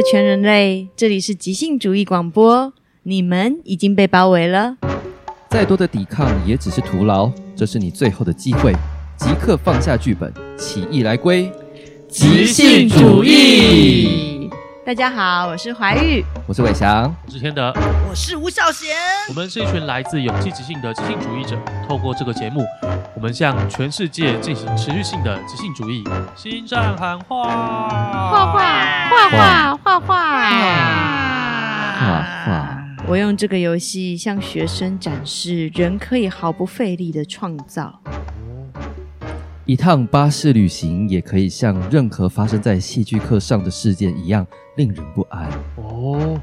全人類，這裡是即興主義廣播，你們已經被包圍了，再多的抵抗也只是徒勞，這是你最後的機會，即刻放下劇本，起義來歸。即興主義。大家好，我是懷玉，我是偉翔，是謙德，我是吳效賢，我們是一群來自勇氣即興的即興主義者。透過這個節目，我們向全世界進行持續性的即興主義。心戰喊話，話話，話話，話話，話話。我用這個遊戲向學生展示，人可以毫不費力的創造。一趟巴士旅行也可以像任何發生在戲劇課上的事件一樣令人不安。哦，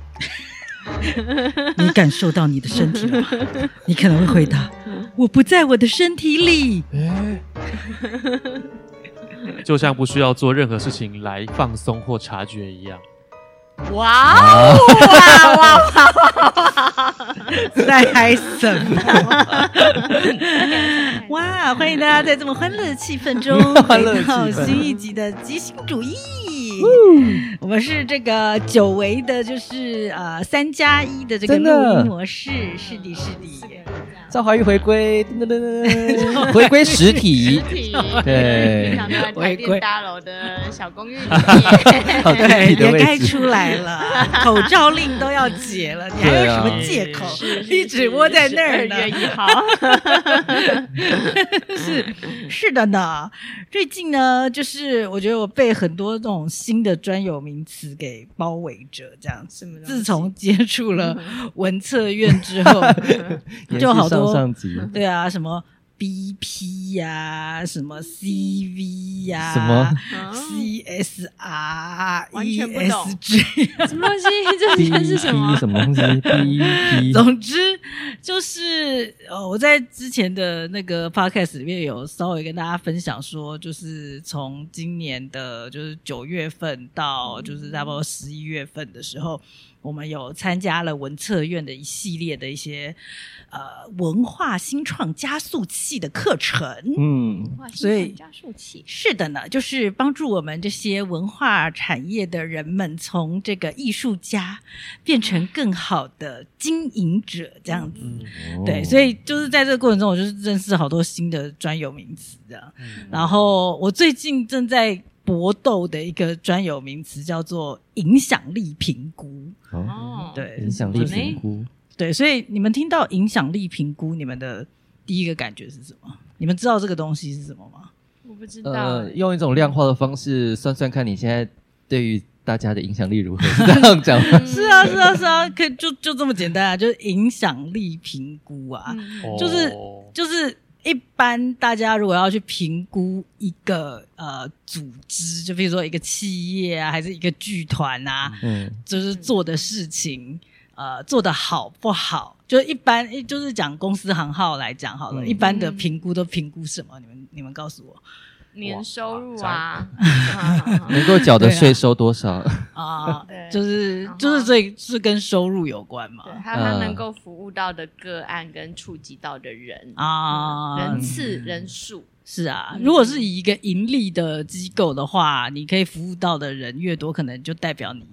你感受到你的身體了嗎？你可能會回答：“我不在我的身體裡。”欸，就像不需要做任何事情來放鬆或察覺一樣。哇哦！哇哇哇哇哇！在嗨什麼？哇！歡迎大家在這麼歡樂的氣氛中回到新一集的即興主義。 我們是這個久違的，就是呃三加一的這個錄音模式，是的，是的。是趙懷玉回歸，噔噔噔噔回歸實體， 實體對，回歸大樓的小公寓對，也 該出來了。 口罩令都要解了，你還有什麼借口一直窩在那兒？呢一豪，是是，是，是， 是，是的呢。最近呢，就是我覺得我被很多這種新的專有名詞給包圍着，這樣。自從接觸了文策院之後， 就好多。上級、嗯、對啊，什麼 BP 呀、啊，什麼 CV 呀、啊，什麼 CSR，ESG、啊、 完全不懂，什麼東西？這 這是什麼？B, B, 什麼東西？ B, B 總之就是，呃，我在之前的那個 podcast 裡面有稍微跟大家分享說，就是從今年的，就是九月份到就是差不多十一月份的時候。嗯我們有參加了文策院的一系列的一些呃文化新創加速器的課程，嗯，文化新創加速器是的呢，就是幫助我們這些文化產業的人們從這個藝術家變成更好的經營者這樣子，嗯、對，所以就是在這個過程中，我就認識好多新的專有名詞，的、嗯、然後我最近正在。搏鬥的一個專有名詞叫做影響力評估。哦，對，影響力評估。對，所以你們聽到影響力評估，你們的第一個感覺是什麼？你們知道這個東西是什麼嗎？我不知道、欸呃。用一種量化的方式算算看，你現在對於大家的影響力如何？是這樣講嗎、？ 嗯？是啊，是啊，是啊，可以，就就這麼簡單啊，就是影響力評估啊，就、嗯、是就是。哦就是一般大家如果要去評估一個呃組織，就比如說一個企業啊，還是一個劇團啊，嗯，就是做的事情，嗯、呃，做得好不好？就一般，就是講公司行號來講好了、嗯，一般的評估都評估什麼？你們你們告訴我。年收入啊，啊 能夠繳的稅收多少 啊？Uh, 對，就是就是這，是跟收入有關嘛？他們、嗯、能夠服務到的個案跟觸及到的人啊、uh, 嗯，人次人數、嗯、是啊、嗯。如果是以一個盈利的機構的話，你可以服務到的人越多，可能就代表你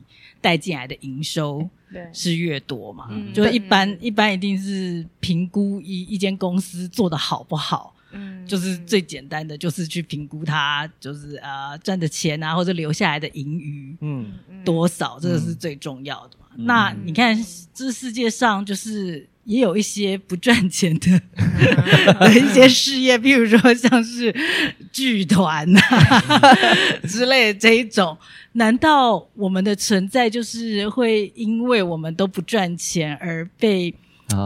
帶進來的營收是越多嘛？就一般、嗯、一般一定是評估一一間公司做得好不好。嗯，就是最簡單的，就是去評估他，就是呃賺的錢啊，或者留下來的盈餘，嗯，多少，嗯、這個是最重要的嘛、嗯。那你看、嗯，這世界上就是也有一些不賺錢的一些事業，譬、嗯、 如說像是劇團啊 之類的這一種，難道我們的存在就是會因為我們都不賺錢而被？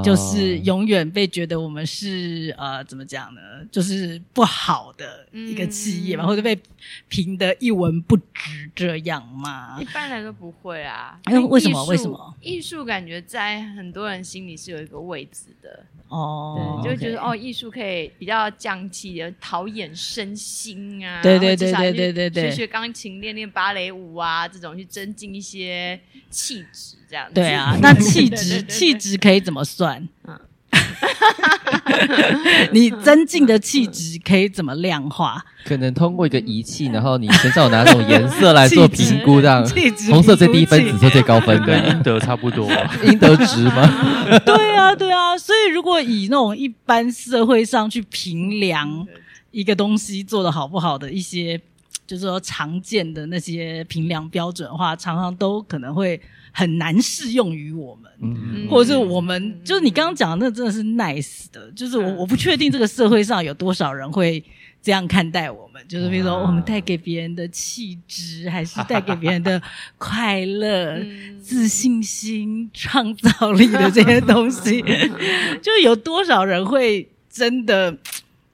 就是永遠被覺得我們是呃怎麼講呢？就是不好的一個企業嘛、嗯，或者被評得一文不值這樣嘛。一般來說不會啊、欸為。為什麼？為什麼？藝術感覺在很多人心裡是有一個位置的哦，對就會覺得、okay. 哦，藝術可以比較降氣的陶冶身心啊。對對對對對對，對，對，去學學鋼琴，練練芭蕾舞啊，這種去增進一些氣質。這樣對啊，那氣質氣質可以怎麼算？ 你增進的氣質可以怎麼量化？可能通過一個儀器，然後你身上有拿一種顏色來做評估，這樣 氣質紅色最低分， 紫色最高分的，跟 應，應得差不多， 應得值嗎？ 對啊，對啊。所以如果以那種一般社會上去評量一個東西做得好不好的一些，就是說常見的那些評量標準的話，常常都可能會。很難適用於我們、嗯，或者是我們、嗯、就是你剛剛講的那真的是 nice 的，嗯、就是我我不確定這個社會上有多少人會這樣看待我們，嗯、就是比如說我們帶給別人的氣質、啊，還是帶給別人的快樂、 自信心、創 造力的這些東西， 就有多少人會真的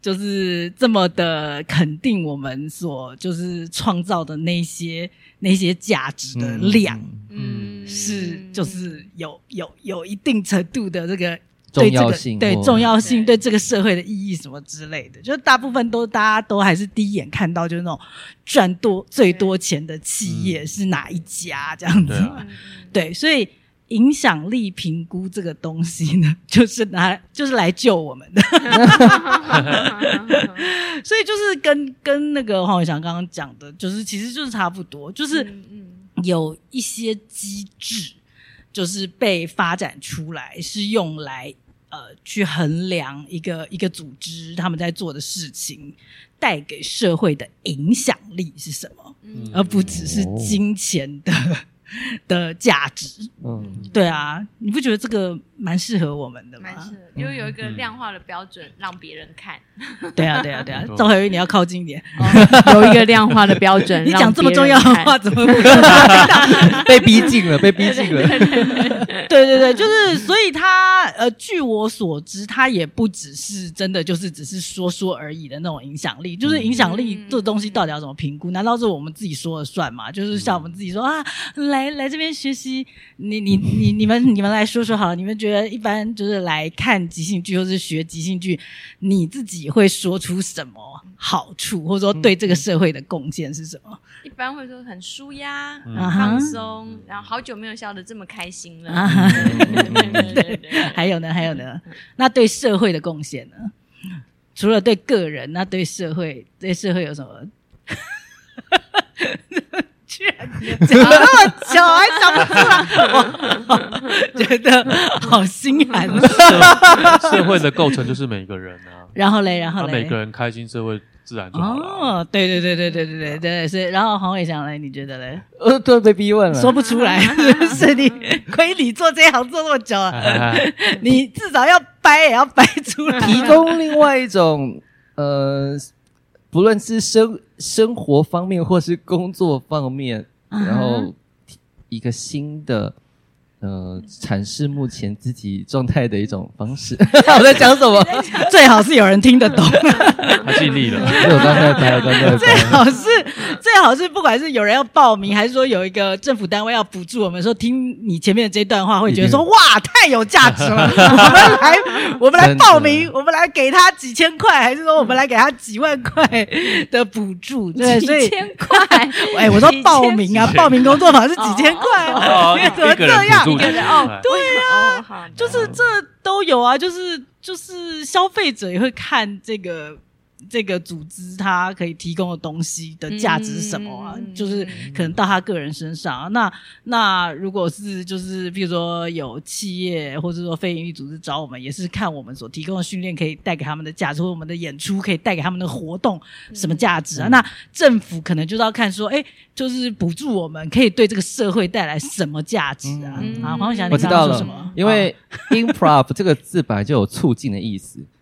就是這麼的肯定我們所就是創造的那些那些價值的量，嗯。嗯嗯是，就是有有有一定程度的這個重要性，對重要性，對這個社會的意義什麼之類的，就是大部分都大家都還是第一眼看到就是那種賺多最多錢的企業是哪一家、嗯、這樣子，對、啊對嗯，所以影響力評估這個東西呢，就是拿就是來救我們的， 所以就是跟跟那個黃煒翔剛剛講的，就是其實就是差不多，就是、嗯嗯有一些機制，就是被發展出來，是用來呃去衡量一個一個組織他們在做的事情帶給社會的影響力是什麼？嗯，而不只是金錢的。嗯。 的價值，嗯，對啊，你不覺得這個蠻適合我們的嗎？蠻適合，因為有一個量化的標準讓別人看、嗯。對啊，對啊，對啊，趙懷玉，你要靠近一點、哦，有一個量化的標準。 你講這麼重要的話，怎麼、啊、被，逼 被逼近了？被逼近了。對對對，對，對，對，對，就是，所以他呃，據我所知，他也不只是真的就是只是說說而已的那種影響力，就是影響力這東西到底要怎麼評估、嗯？難道是我們自己說了算嗎？嗯、就是像我們自己說啊。來來這邊學習，你你你你們你們來說說好了、嗯，你們覺得一般就是來看即興劇，或是學即興劇，你自己會說出什麼好處，嗯、或者說對這個社會的貢獻是什麼？一般會說很舒壓、嗯、很放鬆、啊，然後好久沒有笑得這麼開心了、啊 嗯。對，還有呢，還有呢，嗯、那對社會的貢獻呢、嗯？除了對個人，那對社會，對社會有什麼？ 居然想那麼久， 想想還想不出來， 我好 覺得好心寒、啊。社會的構成就是每個人啊。然後嘞，然後嘞，然後每個人開心，社會自然就好了、啊。哦，對對對對對對對對，是、啊。然後黃煒翔嘞，你覺得嘞？呃，都被逼問了，說不出來， 是是？你虧你做這一行做那麼久啊，哎哎哎 你至少要掰也要掰出來。提供另外一種，呃。不論是生生活方面或是工作方面，uh -huh. 然後一個新的呃，闡釋目前自己狀態的一種方式。 我在講什， 什麼？最好是有人聽得懂。他 盡力了， 是我剛才拍了，剛才，剛才，才，剛才，才 最好是。最好是，不管是有人要報名，還是說有一個政府單位要補助我們，說聽你前面的這段話，會覺得說哇，太有價值了！我們來，我們來報名，我們來給他幾千塊，還是說我們來給他幾萬塊的補助，對，幾千塊？哎，我說報名啊，報名工作坊是幾千塊，哦哦哦哦怎麼這樣？哦，對啊，就是這都有啊，就是就是消費者也會看這個。這個組織它可以提供的東西的價值是什麼，啊嗯？就是可能到他個人身上，啊嗯。那那如果是就是譬如說，有企業或是說非營利組織找我們，也是看我們所提供的訓練可以帶給他們的價值，或者我們的演出可以帶給他們的活動什麼價值啊？嗯，那政府可能就是要看說，哎、嗯，就是補助我們可以對這個社會帶來什麼價值啊？啊、嗯，黃煒翔，你剛剛說知道為什麼？因為 improv、啊、這個字本來就有促進的意思。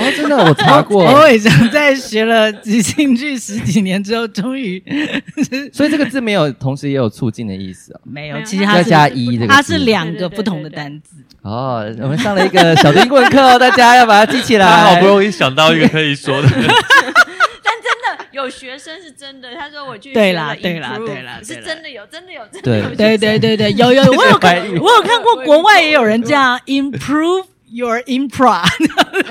哦、真的，我查過。我、 哦、以前在學了即興劇十幾年之後，終於。所以這個字沒有，同時也有促進的意思哦、啊、沒有，其實它是再加一，它是兩個不同的單字，對對對對對對。哦，我們上了一個小的英文課哦， 大家要把它記起來。好不容易想到一個可以說的。 但真的有學生是真的，他說我去 improve, 對。對啦，對啦，對啦，是真的有，真的有，真的有。對有對對對對，有有我有 我有看過國外也有人這樣 improve。 Your improv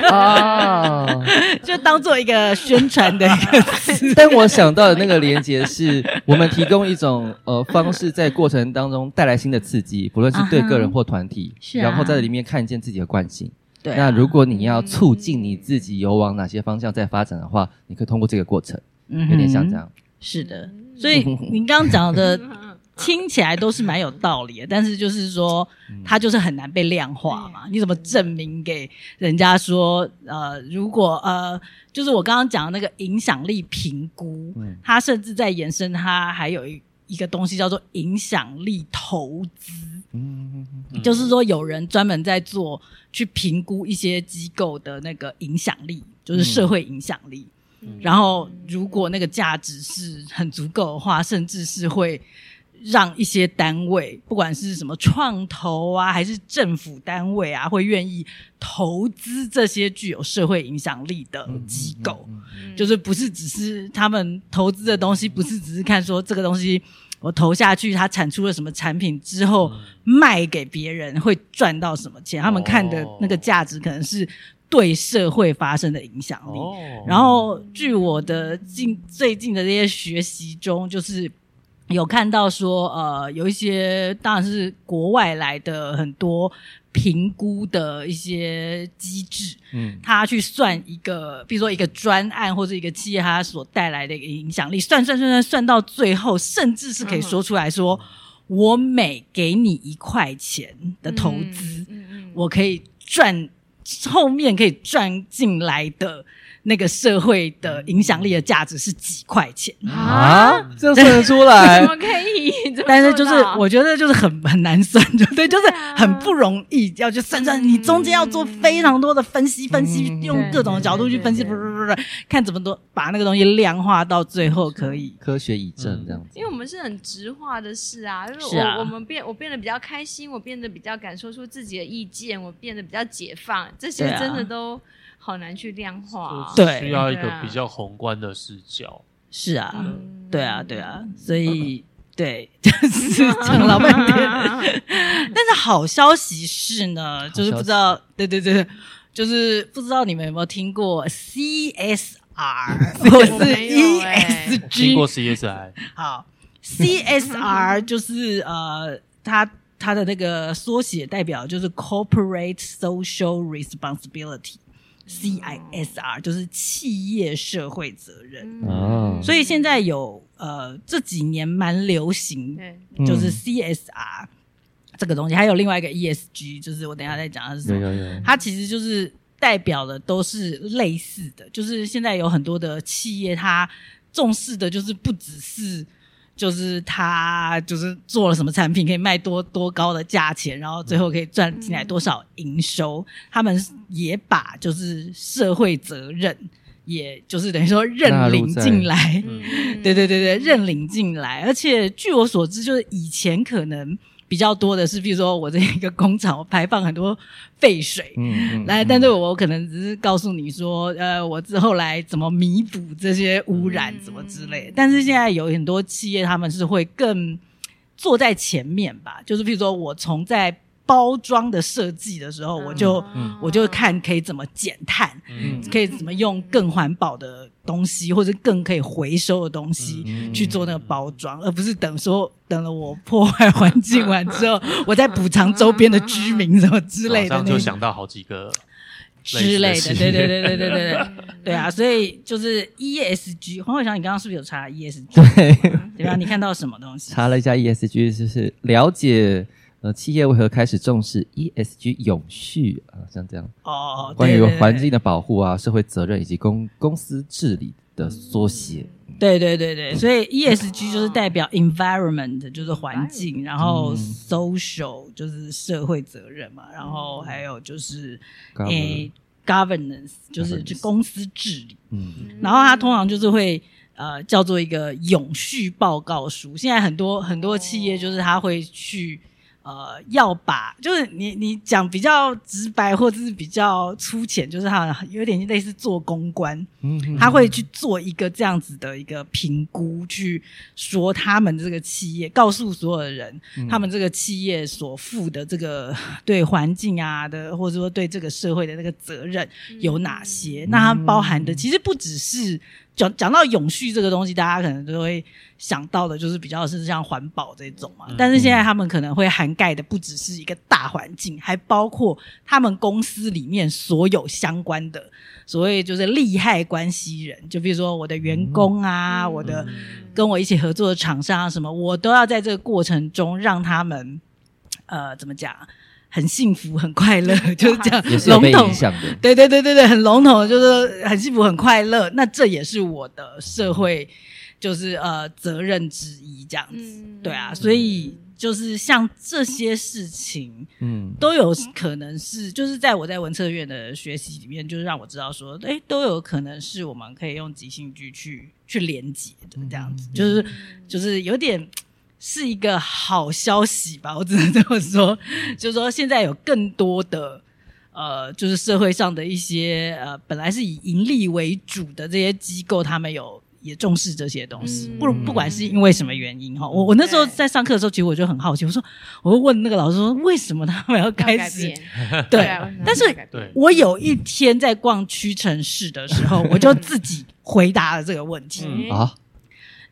啊、 oh.，就當做一個宣傳的一個詞 但我想到的那個連接是、oh、我們提供一種呃方式，在過程當中帶來新的刺激，不論是對個人或團體、uh -huh. 然啊，然後在裡面看見自己的慣性。對、啊，那如果你要促進你自己有往哪些方向在發展的話，你可以通過這個過程，有點像這樣。Mm -hmm. 是的，所以您剛剛講的。 聽起來都是蠻有道理的，但是就是說，它就是很難被量化嘛。嗯、你怎麼證明給人家說？嗯、呃，如果呃，就是我剛剛講的那個影響力評估、嗯，它甚至在延伸，它還有一一個東西叫做影響力投資。嗯、就是說有人專門在做去評估一些機構的那個影響力，就是社會影響力、嗯。然後如果那個價值是很足夠的話，甚至是會。讓一些單位，不管是什麼創投啊，還是政府單位啊，會願意投資這些具有社會影響力的機構，嗯嗯嗯、就是不是只是他們投資的東西，不是只是看說這個東西我投下去，它產出了什麼產品之後、嗯、賣給別人會賺到什麼錢，他們看的那個價值可能是對社會發生的影響力。哦、然後，據我的近最近的這些學習中，就是。有看到說，呃，有一些當然是國外來的很多評估的一些機制，嗯，他去算一個，比如說一個專案或者一個企業它所帶來的一個影響力，算算算算算到最後，甚至是可以說出來說，嗯，我每給你一塊錢的投資，嗯，嗯，我可以賺，後面可以賺進來的。那個社會的影響力的價值是幾塊錢啊？這算得出來？ 怎麼可以？ 但是就是我覺得就是很很難算，對，對、啊，就是很不容易要去算算、嗯。你中間要做非常多的分析，分析、嗯、用各種的角度去分析，不是不是不是，看怎麼多把那個東西量化到最後可以科學以證、嗯、這樣子。因為我們是很直化的事啊，就是我、啊、我們變我變得比較開心，我變得比較敢說出自己的意見，我變得比較解放，這些真的都。好難去量化，對，需要一個比較宏觀的視角。啊是啊，啊，啊，啊，對啊，對啊，所以、啊、對，就 是講了半天。 但是好消息是呢，就是不知道，對對對，就是不知道你們有沒有聽過 CSR， 或是 ESG，聽過 CSR？好，CSR 就是 呃，它它的那個縮寫代表就是 Corporate Social Responsibility。CISR 就是企業社會責任啊、嗯，所以現在有呃，這幾年蠻流行，就是 CSR、嗯、這個東西，還有另外一個 ESG，就是我等一下再講的是什麼，它其實就是代表的都是類似的，就是現在有很多的企業，它重視的就是不只是。就是他就是做了什麼產品可以賣多多高的價錢，然後最後可以賺進來多少營收。嗯。他們也把就是社會責任，也就是等於說認領進來，嗯、 對對對對，認領進來。而且據我所知，就是以前可能。比較多的是，比如說我這一個工廠排放很多廢水，嗯，嗯，來，但是我可能只是告訴你說、嗯，呃，我之後來怎麼彌補這些污染，什麼之類的、嗯。但是現在有很多企業，他們是會更坐在前面吧，就是比如說我從在包裝的設計的時候，嗯、我就、嗯、我就看可以怎麼減碳，嗯，可以怎麼用更環保的。東西，或者更可以回收的東西、嗯、去做那個包裝、嗯，而不是等說等了我破壞環境完之後， 我再補償周邊的居民什麼之類的。哦、就想到好幾個類之類的，對對對對對對，對， 對啊，所以就是 E S G。黃煒翔你剛剛是不是有查 E S G？對對吧？你看到什麼東西？查了一下 E S G，就是了解。呃，企業為何開始重視 ESG 永續啊？像這樣，哦、oh，對，關於環境的保護啊，社會責任以及公公司治理的縮寫。對對對對，所以 ESG 就是代表 environment、oh. 就是環境，oh. 然後 social、oh. 就是社會責任嘛，oh. 然後還有就是 Gover、A、governance，就是就公司治理。嗯、oh.，然後它通常就是會呃叫做一個永續報告書。現在很多很多企業就是他會去。呃，要把就是你你講比較直白，或者是比較粗淺，就是他有點類似做公關、嗯哼哼，他會去做一個這樣子的一個評估，去說他們這個企業，告訴所有的人、嗯，他們這個企業所負的這個對環境啊的，或者說對這個社會的那個責任有哪些？嗯、那它包含的其實不只是。講講到永續這個東西，大家可能就會想到的，就是比較是像環保這種嘛、嗯。但是現在他們可能會涵蓋的不只是一個大環境、嗯，還包括他們公司裡面所有相關的所謂就是利害關係人，就比如說我的員工啊，嗯、我的跟我一起合作的廠商啊什麼，我都要在這個過程中讓他們，呃，怎麼講？很幸福，很快樂，就是這樣籠統。對對對對對，很籠統，就是很幸福，很快樂。那這也是我的社會，就是呃責任之一，這樣子、嗯。對啊，所以就是像這些事情，嗯，都有可能是，就是在我在文策院的學習裡面，就是讓我知道說，哎，都有可能是我們可以用即興劇去去連接的，這樣子，嗯、就是就是有點。是一個好消息吧，我只能這麼說。就是說，現在有更多的呃，就是社會上的一些呃，本來是以盈利為主的這些機構，他們有也重視這些東西。嗯、不不管是因為什麼原因哈、嗯，我我那時候在上課的時候，其實我就很好奇，我說，我問那個老師說，為什麼他們要開始？對， 但是我有一天在逛屈臣氏的時候、嗯，我就自己回答了這個問題、嗯嗯、啊。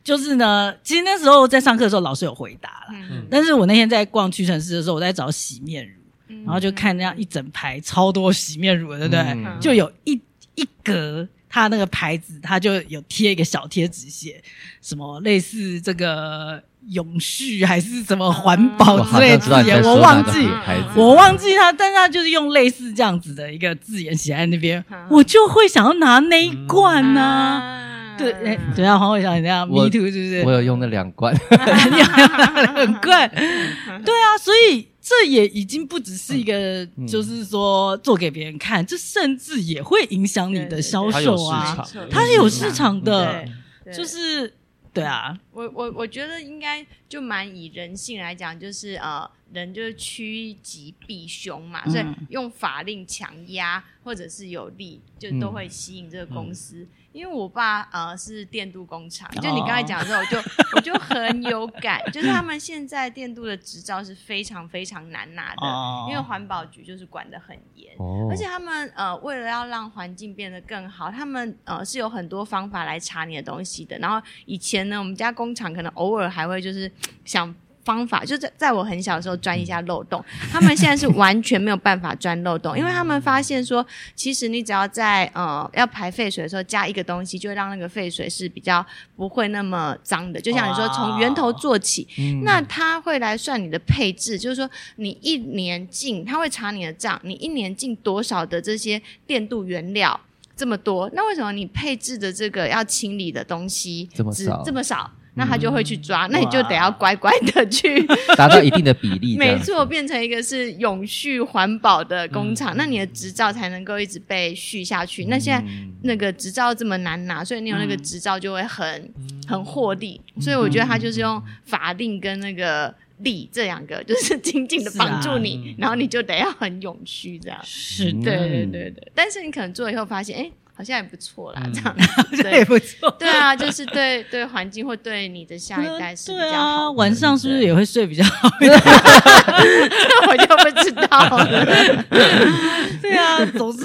就是呢，其實那時候我在上課的時候，老師有回答了、嗯嗯。但是我那天在逛屈臣氏的時候，我在找洗面乳嗯嗯嗯嗯，然後就看那樣一整排超多洗面乳，對不對？嗯、就有一一格，它那個牌子，它就有貼一個小貼紙，寫什麼類似這個永續還是什麼環保之類的、嗯嗯。我忘記嗯嗯嗯我忘記它，但它就是用類似這樣子的一個字眼寫在那邊、嗯嗯，我就會想要拿那一罐呢、啊。嗯嗯對，嗯、誒等下黃煒翔，你這樣 Me too 是不是？我有用那兩罐， 兩罐 對啊，所以這也已經不只是一個，嗯、就是說、嗯、做給別人看，這甚至也會影響你的銷售啊。它是有、嗯、有市場的，嗯、就是對啊。我我我覺得應該就蠻以人性來講，就是呃。人就是趨吉避凶嘛、嗯，所以用法令強壓或者是有利，就都會吸引這個公司。嗯嗯、因為我爸呃是電鍍工廠、哦，就你剛才講的時候，我就 我就很有感，就是他們現在電鍍的執照是非常非常難拿的，哦、因為環保局就是管得很嚴、哦，而且他們呃為了要讓環境變得更好，他們呃是有很多方法來查你的東西的。然後以前呢，我們家工廠可能偶爾還會就是想。方法就在在我很小的時候鑽一下漏洞、嗯，他們現在是完全沒有辦法鑽漏洞， 因為他們發現說，其實你只要在呃要排廢水的時候加一個東西，就會讓那個廢水是比較不會那麼髒的。就像你說從源頭做起，哦、那他會來算你的配置，嗯、就是說你一年進，他會查你的賬，你一年進多少的這些電鍍原料這麼多，那為什麼你配置的這個要清理的東西只這麼少？那他就會去抓、嗯，那你就得要乖乖的去達到一定的比例。沒錯，變成一個是永續環保的工廠、嗯，那你的執照才能夠一直被續下去。嗯、那現在那個執照這麼難拿，所以你有那個執照就會很、嗯、很獲利、嗯。所以我覺得他就是用法令跟那個利這兩個，就是緊緊的綁住你、啊嗯，然後你就得要很永續這樣。是對對對對、嗯，但是你可能做了以後發現，哎、欸。好像也不錯啦、嗯，這樣，好像也 不錯。對啊，就是對對環境，會對你的下一代是比較好對，啊對對，晚上是不是也會睡比較好一點？哈哈哈。 我就不知道了。 對啊，總之，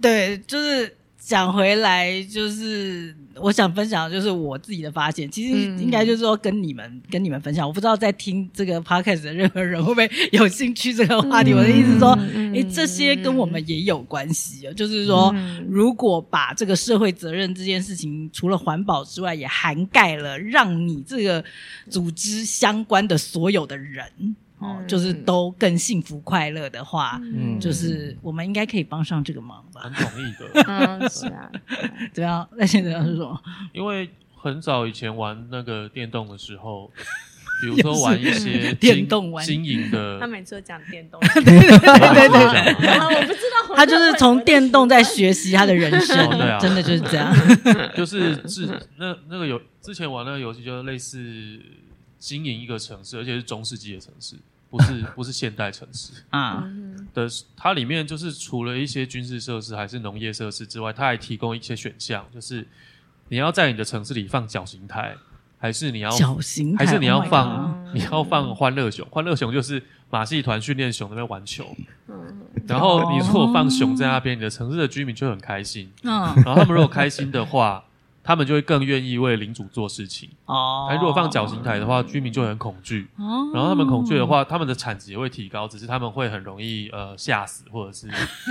對，就是講回來，就是。我想分享的就是我自己的發現，其實應該就是說跟你們、嗯、跟你們分享。我不知道在聽這個 Podcast 的任何人會不會有興趣這個話題。嗯、我的意思是說，哎、欸，這些跟我們也有關係、嗯、就是說、嗯，如果把這個社會責任這件事情，除了環保之外，也涵蓋了讓你這個組織相關的所有的人。哦、就是都更幸福快樂的話、嗯，就是我們應該可以幫上這個忙吧？很同意的。是啊對，對啊。那現在是什麼？因為很早以前玩那個電動的時候，比如說玩一些 電動玩經營的。他每次都講電動。 對，對，對，對對對對對。我不知道。 他就是從電動在學習他的人生。 啊、真的就是這樣。就是是那那個遊，之前玩那個遊戲，就是類似經營一個城市，而且是中世紀的城市。 不是不是現代城市啊、uh, 的，它裡面就是除了一些軍事設施還是農業設施之外，它還提供一些選項，就是你要在你的城市裡放小型台，還是你要小型台，還是你要放、oh、你要放歡樂熊，歡樂熊就是馬戲團訓練熊那邊玩球，嗯、uh,，然後你如果放熊在那邊，你的城市的居民就很開心，嗯、uh.，然後他們如果開心的話。 他們就會更願意為領主做事情哦。哎、oh,，如果放絞刑台的話，oh. 居民就很恐懼。Oh. 然後他們恐懼的話，他們的產值也會提高，只是他們會很容易呃嚇死，或者是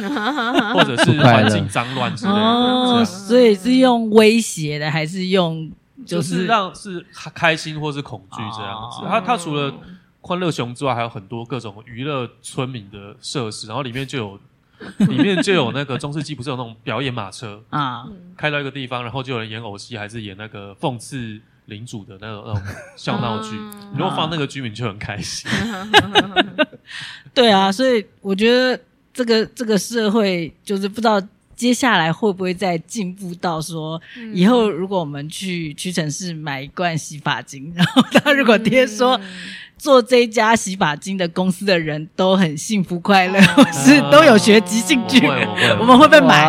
或者是環境髒亂之類的。Oh. Oh. 所以是用威脅的，還是用、就是、就是讓是開心或是恐懼這樣子？Oh. 他他除了歡樂熊之外，還有很多各種娛樂村民的設施，然後裡面就有。 裡面就有那個中世紀，不是有那種表演馬車啊，開到一個地方，然後就有人演偶戲，還是演那個諷刺領主的那種那種笑鬧劇，然、啊、後放那個居民就很開心。啊 對啊，所以我覺得這個這個社會，就是不知道接下來會不會再進步到說、嗯，以後如果我們去屈臣氏買一罐洗髮精，然後他如果爹說。嗯做這一家洗髮精的公司的人都很幸福快樂，是、oh、 都有學習興趣。我們會不會買？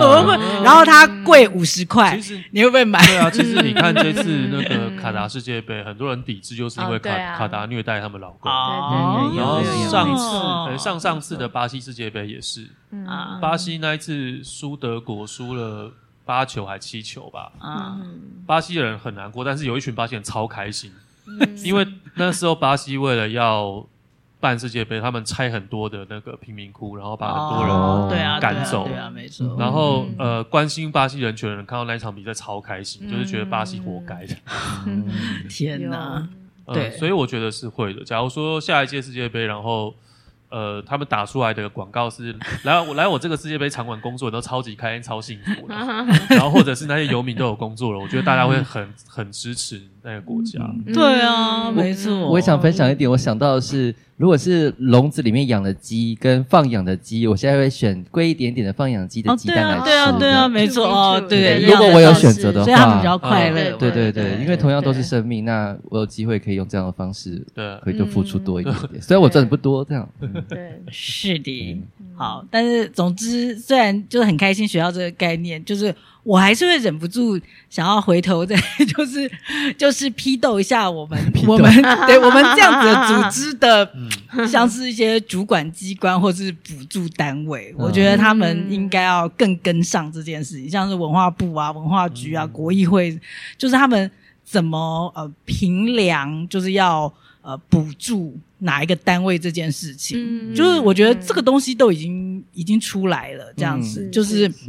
我們會。Wow. 然後它貴五十塊，其實你會不會買？ 對啊，其實你看這次那個卡達世界杯， 很多人抵制就是因為卡、oh, 啊、卡達虐待他們老公。Oh, 然後上次、oh. 欸、上上次的巴西世界杯也是，oh. 巴西那一次輸德國輸了八球還七球吧？Oh. 巴西人很難過，但是有一群巴西人超開心。 因為那時候巴西為了要辦世界杯，他們拆很多的那個貧民窟，然後把很多人趕走。哦、對啊，對啊，對啊，沒錯。然後、嗯、呃，關心巴西人權的人看到那一場比賽超開心、嗯，就是覺得巴西活該的。嗯嗯、天哪、嗯！對，所以我覺得是會的。假如說下一屆世界杯，然後呃，他們打出來的廣告是 來我來我這個世界杯場館工作都超級開心、超幸福的 然後或者是那些遊民都有工作了，我覺得大家會很 很支持。在、那個、國家、嗯，對啊，沒錯。我也想分享一點，我想到的是，如果是籠子裡面養的雞跟放養的雞，我現在會選貴一點點的放養雞的雞蛋來吃、啊、對啊，對啊，對啊，沒錯哦。嗯、對，對，對，如果我有選擇的話，嗯、所以他們比較快樂、啊。對對對，因為同樣都是生命，那我有機會可以用這樣的方式，對，可以就付出多一點點。雖然我賺的不多，這樣。嗯、對，是的、嗯。好，但是總之，雖然就是很開心學到這個概念，就是。我還是會忍不住想要回頭再，就是，就是就是批鬥一下我們我們對我們這樣子的組織的， 像是一些主管機關或是補助單位，嗯，我覺得他們應該要更跟上這件事情，嗯，像是文化部啊、文化局啊，嗯，國藝會，就是他們怎麼呃評量，就是要。呃，補助哪一個單位這件事情，嗯，就是我覺得這個東西都已經、嗯、已經出來了，這樣子、嗯、就是、是，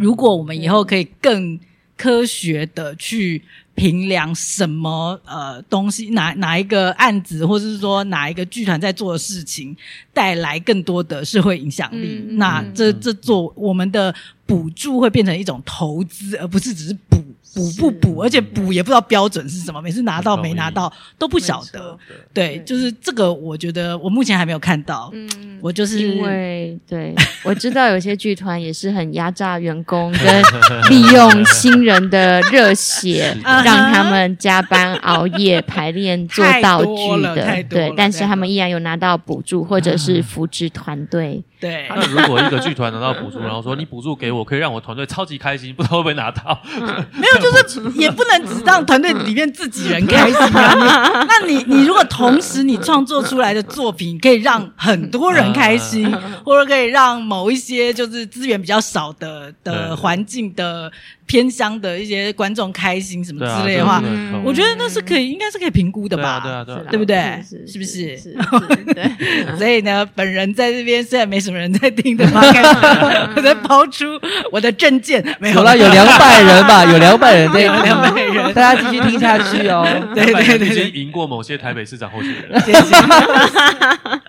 如果我們以後可以更科學的去評量什麼呃東西，哪哪一個案子，或者是說哪一個劇團在做的事情，帶來更多的社會影響力，嗯，那這、嗯、這做我們的補助會變成一種投資，而不是只是補。補不補？而且補也不知道標準是什麼，每次拿到沒拿到都不曉得。對。對，就是這個，我覺得我目前還沒有看到。嗯，我就是因為對， 我知道有些劇團也是很壓榨員工，跟利用新人的熱血，讓他們加班熬夜排練做道具的。對，對但是他們依然有拿到補助，或者是扶植團隊。啊、對，那 如果一個劇團拿到補助，然後說你補助給我，可以讓我團隊超級開心，不知道會不會拿到？沒有。 就是也不能只讓團隊裡面自己人開心啊！那你你如果同時你創作出來的作品可以讓很多人開心，或者可以讓某一些就是資源比較少的的環境的。偏鄉的一些觀眾開心什麼之類的話，啊的，我覺得那是可以，應該是可以評估的吧？對啊，對啊，對，啊對，啊對不對？是不是？是。所以呢，本人在這邊雖然沒什麼人在聽的， 我在拋出我的政見， 沒有很了快， 有兩百人吧？有兩百人，對，兩百人， 大家繼續聽下去哦。 對對對，已經贏過某些台北市長候選人了。謝謝。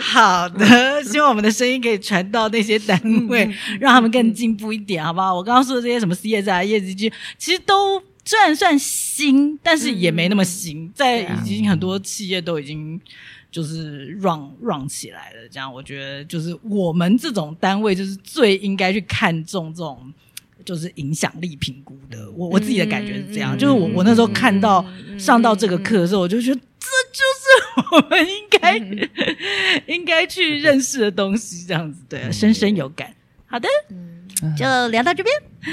好的，希望我們的聲音可以傳到那些單位， 讓他們更進步一點，好不好？我剛剛說。這些什麼 CS 啊、ESG，其實都雖然算新，但是也沒那麼新、嗯，在已經很多企業都已經就是 run run 起來了。這樣，我覺得就是我們這種單位，就是最應該去看重這種就是影響力評估的。我我自己的感覺是這樣，嗯、就是我我那時候看到、嗯、上到這個課的時候，我就覺得這就是我們應該、嗯、 應該去認識的東西。這樣子，對、啊，深深有感。好的，嗯，就聊到這邊。啊、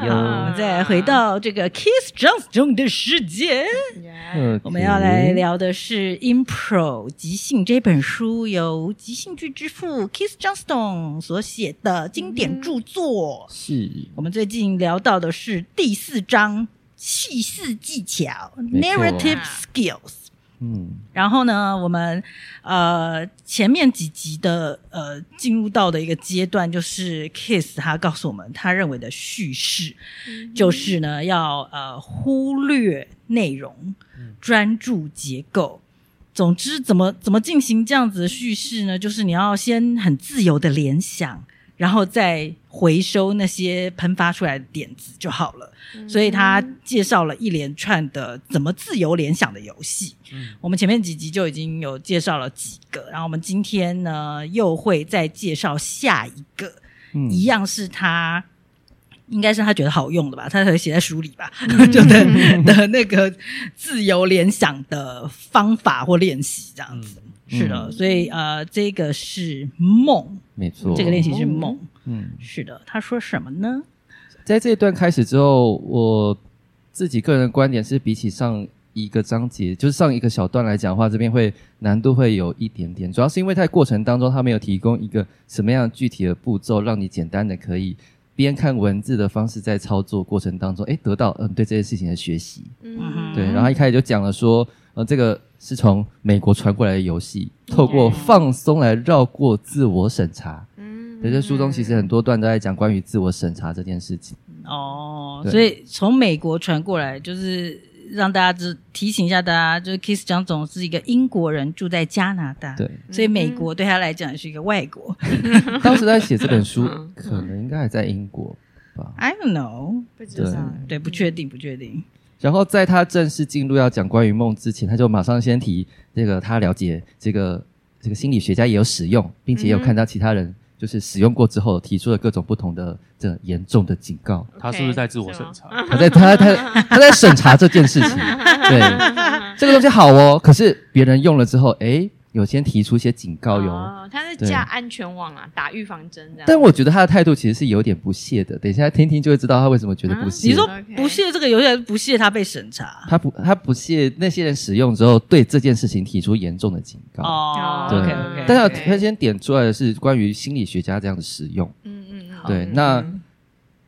好，我、啊、們再回到這個 Keith Johnstone 的世界、啊。我們要來聊的是《Impro》即興這本書，由即興劇之父 Keith Johnstone 所寫的經典著作。是、嗯。我們最近聊到的是第四章敘事技巧 （Narrative Skills）、啊。嗯，然後呢，我們呃前面幾集的呃進入到的一個階段，就是 Keith 他告訴我們他認為的敘事，嗯、就是呢要呃忽略內容，專注結構，嗯、總之怎麼怎麼進行這樣子的敘事呢？就是你要先很自由的聯想。然後再回收那些噴發出來的點子就好了。嗯，所以他介紹了一連串的怎麼自由聯想的遊戲。嗯。我們前面幾集就已經有介紹了幾個，然後我們今天呢又會再介紹下一個，嗯、一樣是他應該是他覺得好用的吧，他才寫在書裡吧，嗯、 就等的，的那個自由聯想的方法或練習這樣子。嗯、是的，所以呃，這個是夢。沒錯。嗯，這個練習是夢。嗯，是的。他說什麼呢？在這一段開始之後，我自己個人的觀點是，比起上一個章節，就是上一個小段來講的話，這邊會難度會有一點點，主要是因為在過程當中他沒有提供一個什麼樣具體的步驟，讓你簡單的可以邊看文字的方式在操作過程當中，哎，得到嗯對這些事情的學習。嗯哼。對，然後一開始就講了說。呃，這個是從美國傳過來的遊戲，透過放鬆來繞過自我審查。嗯，而且書中其實很多段都在講關於自我審查這件事情。哦、oh，所以從美國傳過來，就是讓大家提醒一下大家，就是 Keith Johnstone 是一個英國人住在加拿大，對，mm -hmm. 所以美國對他來講是一個外國。 當時在寫這本書， 可能應該還在英國吧？I don't know，不知道對。對，不確定，不確定。然後在他正式進入要講關於夢之前，他就馬上先提這個他了解這個這個心理學家也有使用，並且也有看到其他人就是使用過之後提出了各種不同的這個嚴重的警告。Okay, 他是不是在自我審查？他在他他他在審查這件事情。對，這個東西好哦，可是別人用了之後，哎。有先提出一些警告，有、oh，他是架安全網啊，打預防針這樣。但我覺得他的態度其實是有點不屑的，等一下聽聽就會知道他為什麼覺得不屑、啊。你說、okay. 不屑這個有點不屑，他被審查。他不，他不屑那些人使用之後對這件事情提出嚴重的警告。OK，OK、oh。Okay, okay. 但要他先點出來的是關於心理學家這樣的使用。嗯嗯。好。對，那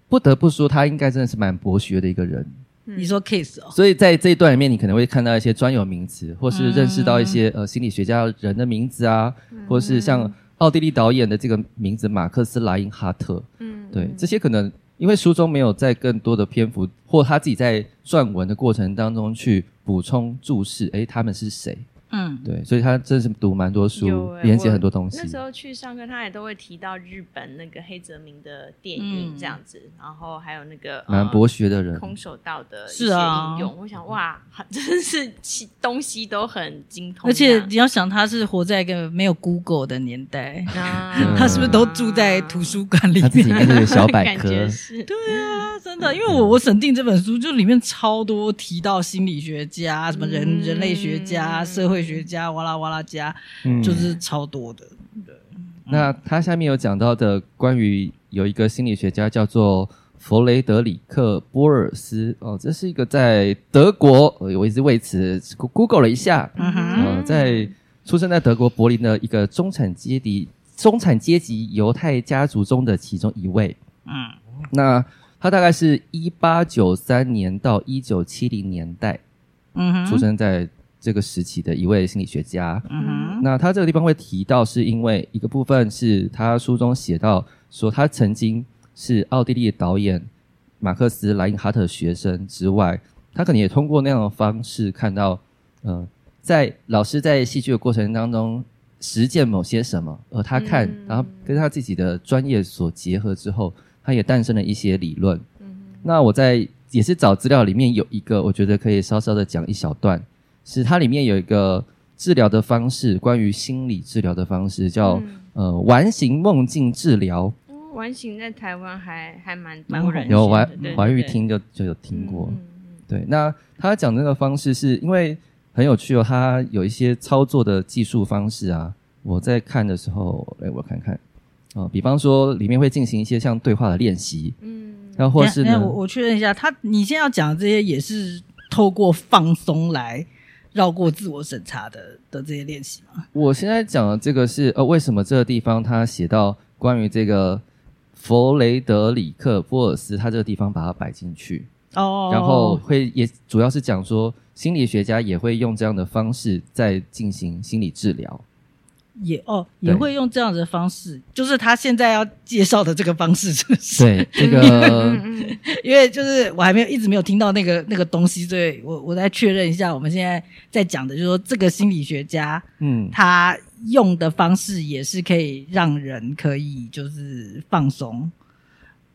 不得不說，他應該真的是蠻博學的一個人。嗯、你說 case 哦，所以在這一段裡面，你可能會看到一些專有名詞，或是認識到一些、嗯、呃心理學家人的名字啊，或是像奧地利導演的這個名字馬克斯·萊因哈特。嗯，對，嗯、這些可能因為書中沒有在更多的篇幅，或他自己在撰文的過程當中去補充注釋，誒，他們是誰？嗯，對，所以他真是讀蠻多書，有欸、連接很多東西。那時候去上課，他也都會提到日本那個黑澤明的電影、嗯、這樣子，然後還有那個蠻博學的人、呃，空手道的，是啊，我想哇，真的是其東西都很精通，而且你要想，他是活在一個沒有 Google 的年代啊， 他是不是都住在圖書館裡面？他自己還是有小百科 是，對啊，真的，因為我我審定這本書，就裡面超多提到心理學家，什麼人、嗯、人類學家，社、嗯、會。學家哇啦哇啦家，嗯、就是超多的對。那他下面有講到的，關於有一個心理學家叫做弗雷德里克·波爾斯哦，這是一個在德國，我一直為此 Google 了一下，嗯哼，呃、在出生在德國柏林的一個中產階級中產階級猶太家族中的其中一位。嗯，那他大概是一八九三年到一九七零年代，嗯哼，出生在，這個時期的一位心理學家，嗯、那他這個地方會提到，是因為一個部分是他書中寫到說，他曾經是奧地利的導演馬克斯萊因哈特學生之外，他可能也通過那樣的方式看到，呃，在老師在戲劇的過程當中實踐某些什麼，而他看、嗯、然後跟他自己的專業所結合之後，他也誕生了一些理論。嗯哼、那我在也是找資料裡面有一個，我覺得可以稍稍的講一小段。是它裡面有一個治療的方式，關於心理治療的方式，叫、嗯、呃完形夢境治療。完、嗯、形在台灣還還蠻蠻火，有懷懷玉聽就就有聽過。嗯、對，那他講這個方式是因為很有趣哦，他有一些操作的技術方式啊。我在看的時候，哎、欸，我看看啊、呃，比方說裡面會進行一些像對話的練習，嗯，那或是呢，我我確認一下，他你現在要講的這些也是透過放鬆來。繞過自我審查的的這些練習嗎？我現在講的這個是呃，為什麼這個地方他寫到關於這個弗雷德里克·波爾斯，他這個地方把它擺進去哦，oh. 然後會也主要是講說心理學家也會用這樣的方式在進行心理治療。也哦，也會用這樣子的方式，就是他現在要介紹的這個方式，就是，對，這個，因為就是我還沒有一直沒有聽到那個那個東西，所以我我再確認一下，我們現在在講的就是說，這個心理學家，嗯，他用的方式也是可以讓人可以就是放鬆，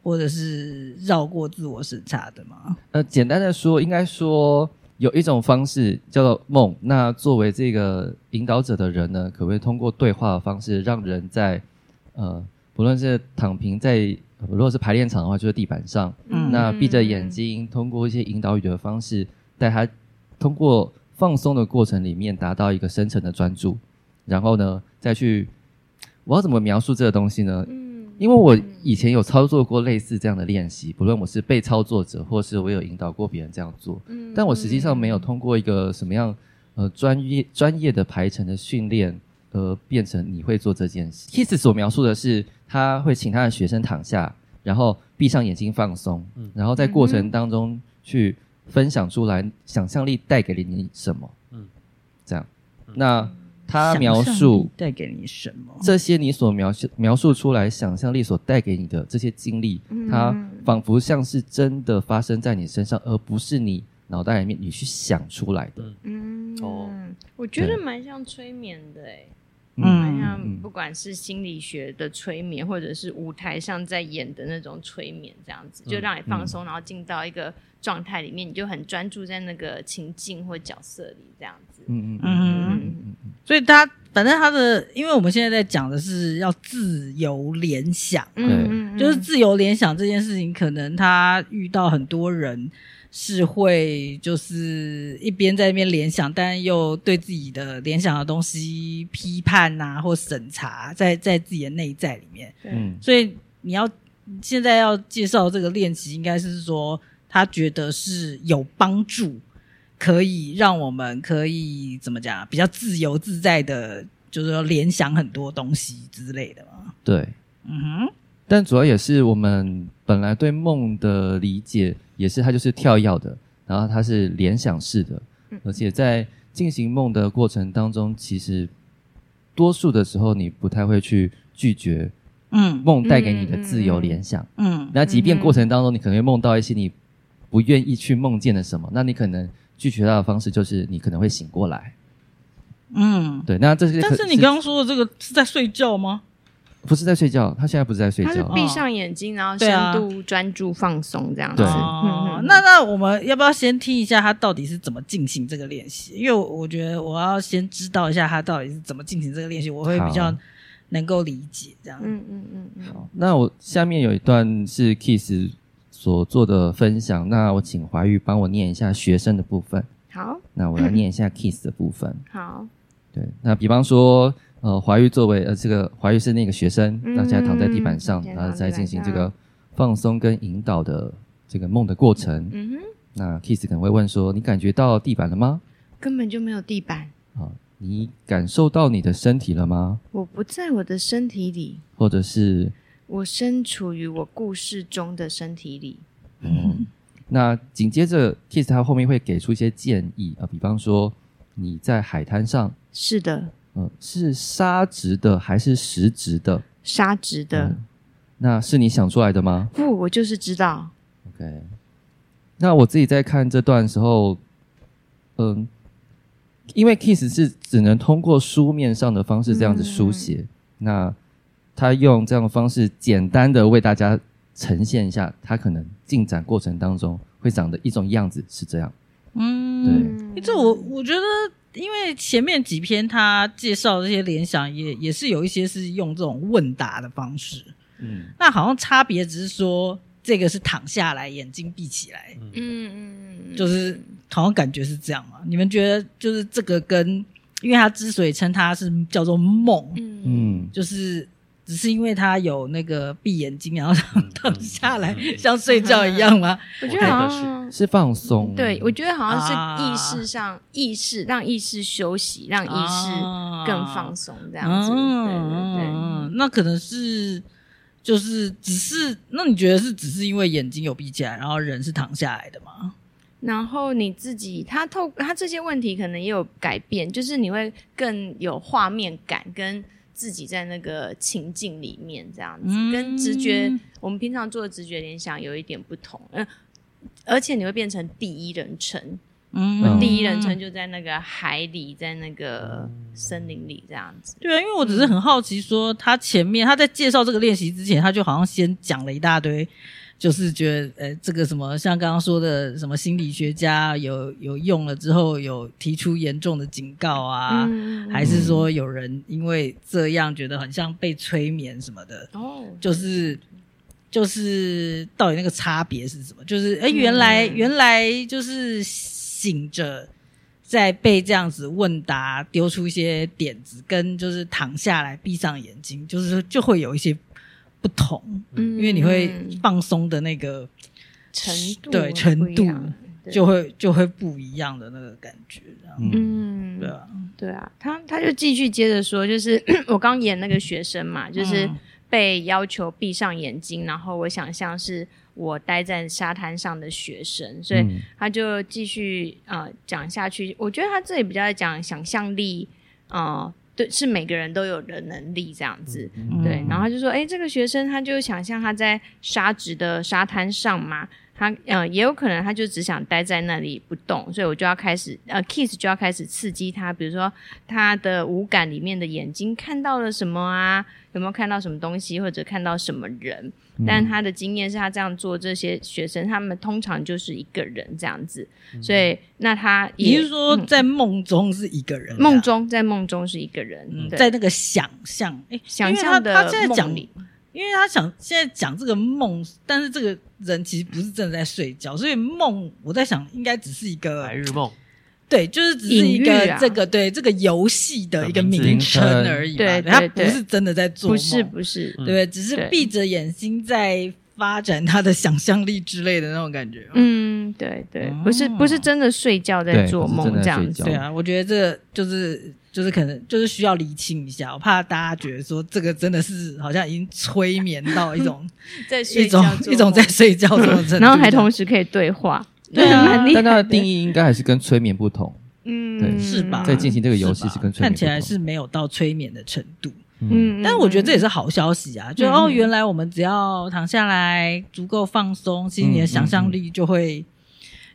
或者是繞過自我審查的嘛。呃，簡單的說，應該說。有一種方式叫做夢。那作為這個引導者的人呢，可不可以通過對話的方式，讓人在呃，不論是躺平在、呃，如果是排練場的話，就是地板上，嗯、那閉着眼睛，通過一些引導語的方式，帶他通過放鬆的過程裡面，達到一個深層的專注，然後呢，再去，我要怎麼描述這個東西呢？因為我以前有操作過類似這樣的練習，不論我是被操作者，或是我有引導過別人這樣做，嗯、但我實際上沒有通過一個什麼樣呃專業專業的排程的訓練而、呃、變成你會做這件事。Keith 所描述的是，他會請他的學生躺下，然後閉上眼睛放鬆，嗯、然後在過程當中去分享出來想象力帶給了你什麼，嗯，這樣，那。他描述帶給你什麼？這些你所描描述出來想象力所帶給你的這些經歷，嗯，它仿佛像是真的發生在你身上，而不是你腦袋裡面你去想出來的。嗯，哦、oh,，我覺得蠻像催眠的哎，嗯，蠻像不管是心理學的催眠，嗯，或者是舞台上在演的那種催眠，這樣子，嗯，就讓你放鬆，嗯，然後進到一個狀態裡面，嗯，你就很專注在那個情境或角色裡，這樣子。嗯嗯嗯嗯。嗯嗯嗯所以他反正他的，因為我們現在在講的是要自由聯想，嗯，嗯，嗯、就是自由聯想這件事情，可能他遇到很多人是會就是一邊在那邊聯想，但又對自己的聯想的東西批判啊或審查在，在在自己的內在裡面，嗯，所以你要現在要介紹這個練習，應該是說他覺得是有幫助。可以讓我們可以怎麼講？比較自由自在的，就是說聯想很多東西之類的嘛。對，嗯哼。但主要也是我們本來對夢的理解，也是它就是跳躍的，然後它是聯想式的，而且在進行夢的過程當中，其實多數的時候你不太會去拒絕，嗯，夢帶給你的自由聯想，嗯，嗯。那即便過程當中，你可能會夢到一些你不願意去夢見的什麼，那你可能。具體到的方式就是你可能會醒過來，嗯，對，那這些。但是你剛剛說的這個是在睡覺嗎？不是在睡覺，他現在不是在睡覺。他是閉上眼睛，哦，然後深度專注放鬆這樣子。哦，嗯，那那我們要不要先聽一下他到底是怎麼進行這個練習？因為我覺得我要先知道一下他到底是怎麼進行這個練習，我會比較能夠理解這樣。嗯嗯嗯。好，那我下面有一段是 Keith。所做的分享，那我請懷玉幫我念一下學生的部分。好， 那我來念一下 Keith 的部分。好，對，那比方說，呃，懷玉作為呃這個懷玉是那個學生，大、嗯、家躺，躺在地板上，然後在進行這個放鬆跟引導的、嗯、這個夢的過程。嗯哼，那 Keith 可能會問說，你感覺到地板了嗎？根本就沒有地板。好、啊，你感受到你的身體了嗎？我不在我的身體裡。或者是。我身處於我故事中的身體裡。嗯，那緊接着 Keith 他後面會給出一些建議啊，比方說你在海灘上。是的。嗯，是沙質的還是石質的？沙質的、嗯。那是你想出來的嗎？不，我就是知道。OK。那我自己在看這段的時候，嗯，因為 Keith 是只能通過書面上的方式這樣子書寫、嗯，那。他用這樣的方式簡單的為大家呈現一下，他可能進展過程當中會長的一種樣子是這樣。嗯，對，這我我覺得，因為前面幾篇他介紹這些聯想也，也也是有一些是用這種問答的方式。嗯，那好像差別只是說這個是躺下來，眼睛閉起來。嗯嗯嗯，就是好像感覺是這樣嘛？你們覺得就是這個跟，因為他之所以稱它是叫做夢，嗯嗯，就是。只是因為他有那個閉眼睛，然後躺下來像睡覺一樣嗎？我覺得好像是放鬆。對，我覺得好像是意識上、啊、意識讓意識休息，讓意識更放鬆這樣子。嗯、啊對對，那可能是就是只是，那你覺得是只是因為眼睛有閉起來，然後人是躺下來的嗎？然後你自己他透他這些問題可能也有改變，就是你會更有畫面感跟自己在那個情境裡面這樣子，跟直覺，嗯、我們平常做的直覺聯想有一點不同。嗯，而且你會變成第一人稱，嗯，第一人稱就在那個海裡，在那個森林裡這樣子。嗯、對啊，因為我只是很好奇說，說他前面他在介紹這個練習之前，他就好像先講了一大堆。就是覺得，誒、欸，這個什麼，像剛剛說的，什麼心理學家有有用了之後，有提出嚴重的警告啊、嗯，還是說有人因為這樣覺得很像被催眠什麼的？哦、嗯，就是就是到底那個差別是什麼？就是誒、欸嗯，原來原來就是醒着在被這樣子問答丟出一些點子，跟就是躺下來閉上眼睛，就是就會有一些。不同，因為你會放鬆的那個、嗯、程度，對程度就會就會、就會不一樣的那個感覺。嗯，對啊，對啊。他他就繼續接着說，就是 我剛演那個學生嘛，就是被要求閉上眼睛、嗯，然後我想象是我待在沙灘上的學生，所以他就繼續啊、呃、講下去。我覺得他這裡比較講想象力啊。呃對，是每個人都有的能力這樣子。對，然後他就說，哎、欸，這個學生他就想象他在沙質的沙灘上嘛。他嗯、呃，也有可能，他就只想待在那裡不動，所以我就要開始呃，Keith 就要開始刺激他，比如說他的五感裡面的眼睛看到了什麼啊，有沒有看到什麼東西或者看到什麼人？嗯、但他的經驗是他這樣做，這些學生他們通常就是一個人這樣子，所以那他也、嗯、也就是說在是、啊，在夢中是一個人，夢中在夢中是一個人，在那個想象，哎、欸，想象的夢裡。因為他想現在講這個夢，但是這個人其實不是真的在睡覺，所以夢我在想，應該只是一個白日夢，對，就是只是一個、啊、這個對這個遊戲的一個名稱而已吧，對，對，對，對，他不是真的在做夢，不是不是，對，對，對，只是閉着眼睛在發展他的想象力之類的那種感覺，嗯，對對，哦、不是不是真的睡覺在做夢這樣子，對，對啊，我覺得這就是。就是可能就是需要釐清一下，我怕大家覺得說這個真的是好像已經催眠到一種 在睡覺，一種一種在睡覺的程度， 然後還同時可以對話，對、啊，蠻厲害，但它的定義應該還是跟催眠不同，嗯，對，是吧？在進行這個遊戲是跟催眠，看起來是沒有到催眠的程度，嗯，但是我覺得這也是好消息啊！嗯、就、嗯、哦、嗯，原來我們只要躺下來，足夠放鬆，其實你的想象力就會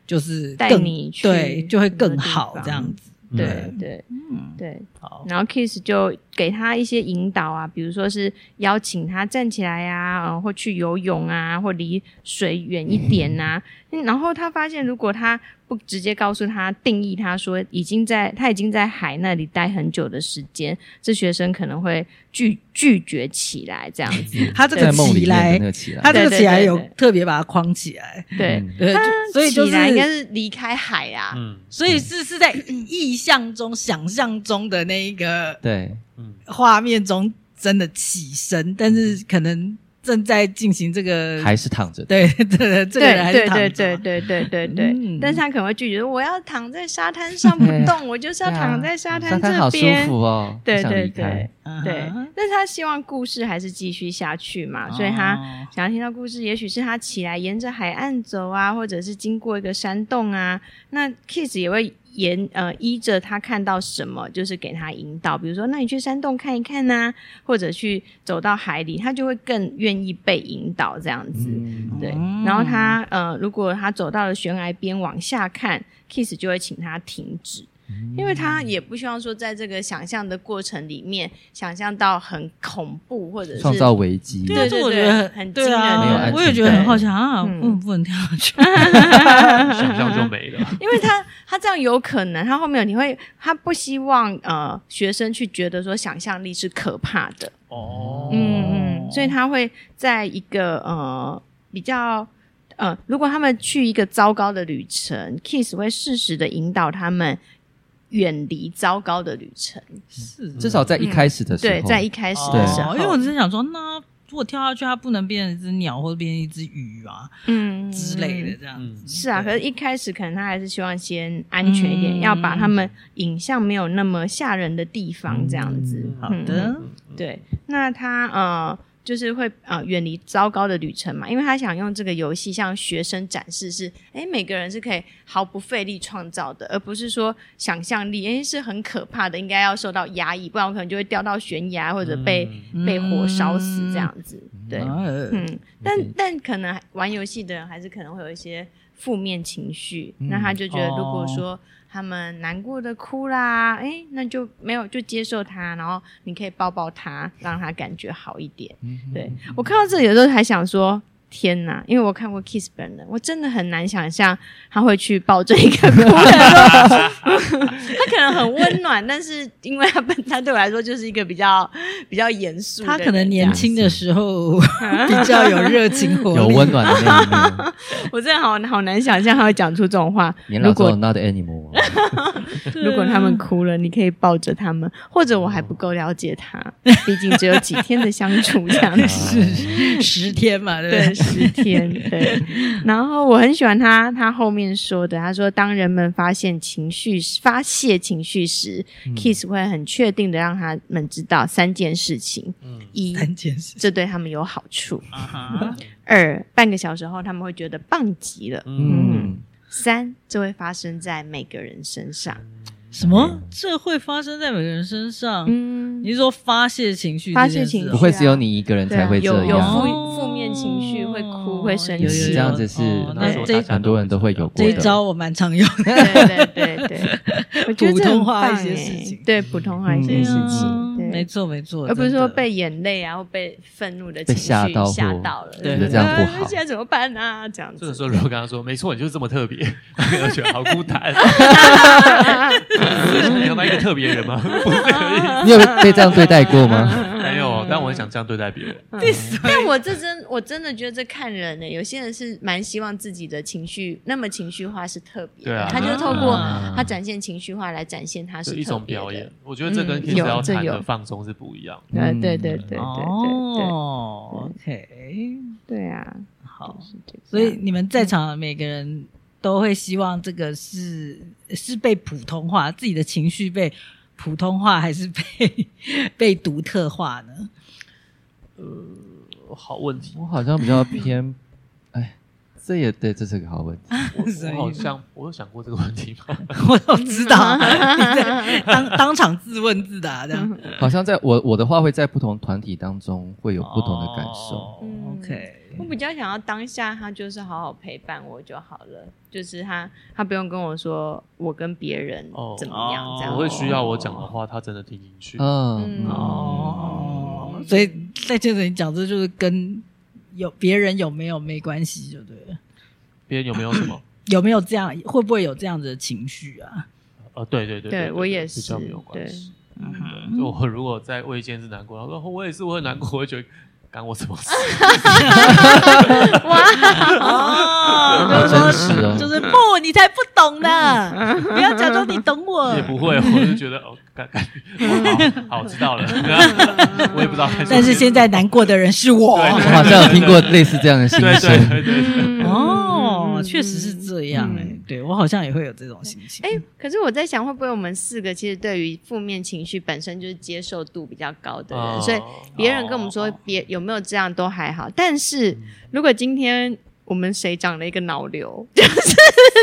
就是帶你去對，就會更好這樣子。對、嗯、對、嗯、對、嗯，然後 Keith 就給他一些引導啊，比如說是邀請他站起來呀、啊，然、呃、後去游泳啊，或離水遠一點啊。嗯、然後他發現，如果他不直接告訴他定義，他說已經在他已經在海那裡待很久的時間，這學生可能會拒拒絕起來這樣子，嗯、他這個起,個起來，他這個起來有特別把它框起來，對,對,對,對,對,對,對,對他，所以就是、起來應該是離開海啊，嗯，所以是對是在意象中、想象中的那一個對、嗯、畫面中真的起身，但是可能。嗯正在進行這個，還是躺着？對，對，這個人還是躺着。對,對，對,對,對,對,對，對，對，對，對，對。但是他可能會拒絕，我要躺在沙灘上不動， 我就是要躺在沙灘這邊。啊、沙灘好舒服哦！對,對,對，對,對，對，uh -huh. 對。但是他希望故事還是繼續下去嘛？所以他想要聽到故事，uh -huh. 也許是他起來沿着海岸走啊，或者是經過一個山洞啊。那 Keith 也會。沿、呃依着他看到什麼，就是給他引導。比如說，那你去山洞看一看吶、啊，或者去走到海裡，他就會更願意被引導這樣子。嗯、對，然後他、嗯、呃，如果他走到了懸崖邊往下看，Keith 就會請他停止。因為他也不希望說，在這個想象的過程裡面，想象到很恐怖或者是創造危機。對、啊、對，對，對，這我覺得很驚人，啊。我也覺得很好強，啊、嗯，不能跳下去。 想象就沒了，啊。因為他他這樣有可能，他後面你會他不希望呃學生去覺得說想象力是可怕的哦。嗯、oh. 嗯，所以他會在一個呃比較呃，如果他們去一個糟糕的旅程，Keith 會適時的引導他們。遠離糟糕的旅程，是至少在一開始的時候、嗯，對，在一開始的時候，哦、因為我只是想說，那如果跳下去，它不能變成一隻鳥，或者變成一隻魚啊，嗯之類的這樣子。嗯、是啊，可是一開始可能他還是希望先安全一點，嗯、要把他們引向沒有那麼嚇人的地方，這樣子。嗯、好的、嗯，對，那他呃。就是會啊、呃，遠離糟糕的旅程嘛，因為他想用這個遊戲向學生展示是，誒每個人是可以毫不費力創造的，而不是說想象力誒是很可怕的，應該要受到壓抑，不然我可能就會掉到懸崖或者被、嗯、被火燒死這樣子，嗯、這樣子對，嗯，嗯但、Okay. 但可能玩遊戲的人還是可能會有一些。負面情緒、嗯，那他就覺得，如果說他們難過的哭啦，哎、哦欸，那就沒有就接受他，然後你可以抱抱他，讓他感覺好一點。嗯、對、嗯、我看到這裡有時候還想說。天吶，因為我看過 Keith 本人，我真的很難想象他會去抱着一個哭的人 他可能很溫暖，但是因為他本他對我來說就是一個比較比較嚴肅。他可能年輕的時候 比較有熱情活力有溫暖的，的我真的好好難想象他會講出這種話。你老做如果 not anymore， 如果他們哭了，你可以抱着他們，或者我還不夠了解他，畢竟只有幾天的相處，這樣子， 十天嘛，對不對？對 十天，對。然後我很喜歡他，他後面說的，他說當人們發現情緒發洩情緒時、嗯、，Keith 會很確定的讓他們知道三件事情：嗯、一三件事，這對他們有好處；啊、 二，半個小時後他們會覺得棒極了嗯，嗯，三，這會發生在每個人身上。嗯什麼、嗯？這會發生在每個人身上。嗯，你是說發洩情緒、啊，發洩情緒、啊、，不會只有你一個人才會這樣。有有負、哦、負面情緒會哭會生氣。是、哦、這樣子是。對。很多人都會有過這。這一招我蠻常用的。對對對對，普通話一些事情。對普通話一些事情對普通話一些事情沒錯沒錯，而不是說被眼淚啊，或被憤怒的情緒嚇到嚇到了，對，這樣不好。嗯啊、現在怎麼辦呢、啊？這樣子說，這個時候如果剛剛說，沒錯，你就是這麼特別，而 且好孤單，你是想當一個特別人嗎？你有被這樣對待過嗎？但我也想這樣對待別人，嗯嗯、 但我這真我真的覺得這看人呢、欸，有些人是蠻希望自己的情緒那麼情緒化是特別的，對，啊對啊，他就是透過他展現情緒化來展現他是的、嗯、一種表演。我覺得這跟一直要談的放鬆是不一樣，嗯嗯。對對對對對，對。哦、oh，OK，對啊，好，所以你們在場的每個人都會希望這個是是被普通話自己的情緒被。普通話還是被被獨特化呢？呃，好問題。我好像比較偏 這也對，這是一個好問題。 我，我好像 我有想過這個問題嗎？我知道，當當場自問自答的， 好像在我我的話會在不同團體當中會有不同的感受。Oh, OK，我比較想要當下他就是好好陪伴我就好了，就是他他不用跟我說我跟別人怎麼樣這樣。我會需要我講的話，他真的聽進去。嗯哦，所以在這裡講，這、就是、就是跟。有別人有沒有沒關係，就對了。別人有沒有什麼？ 有沒有這樣？會不會有這樣子的情緒啊？啊、呃嗯，對對對，對我也是，沒有關係，對，嗯，我如果在為一件事難過，我說我也是，我很難過，嗯、我會覺得。干我什麼事？ 哇 哦，哦，真實哦，就是不，你才不懂呢，不要假裝你懂我。也不會，我就覺得哦，干干我好，好，知道了，我也不知道。但是現在難過的人是我。我好像有聽過類似這樣的事情。對對。對哦，確實是這樣。哎、嗯。對，我好像也會有這種心情。哎，可是我在想，會不會我們四個其實對於負面情緒本身就是接受度比較高的人，哦，所以別人跟我們說別、哦哦，有沒有這樣都還好。但是，嗯，如果今天我們誰長了一個腦瘤，嗯，就是，哦，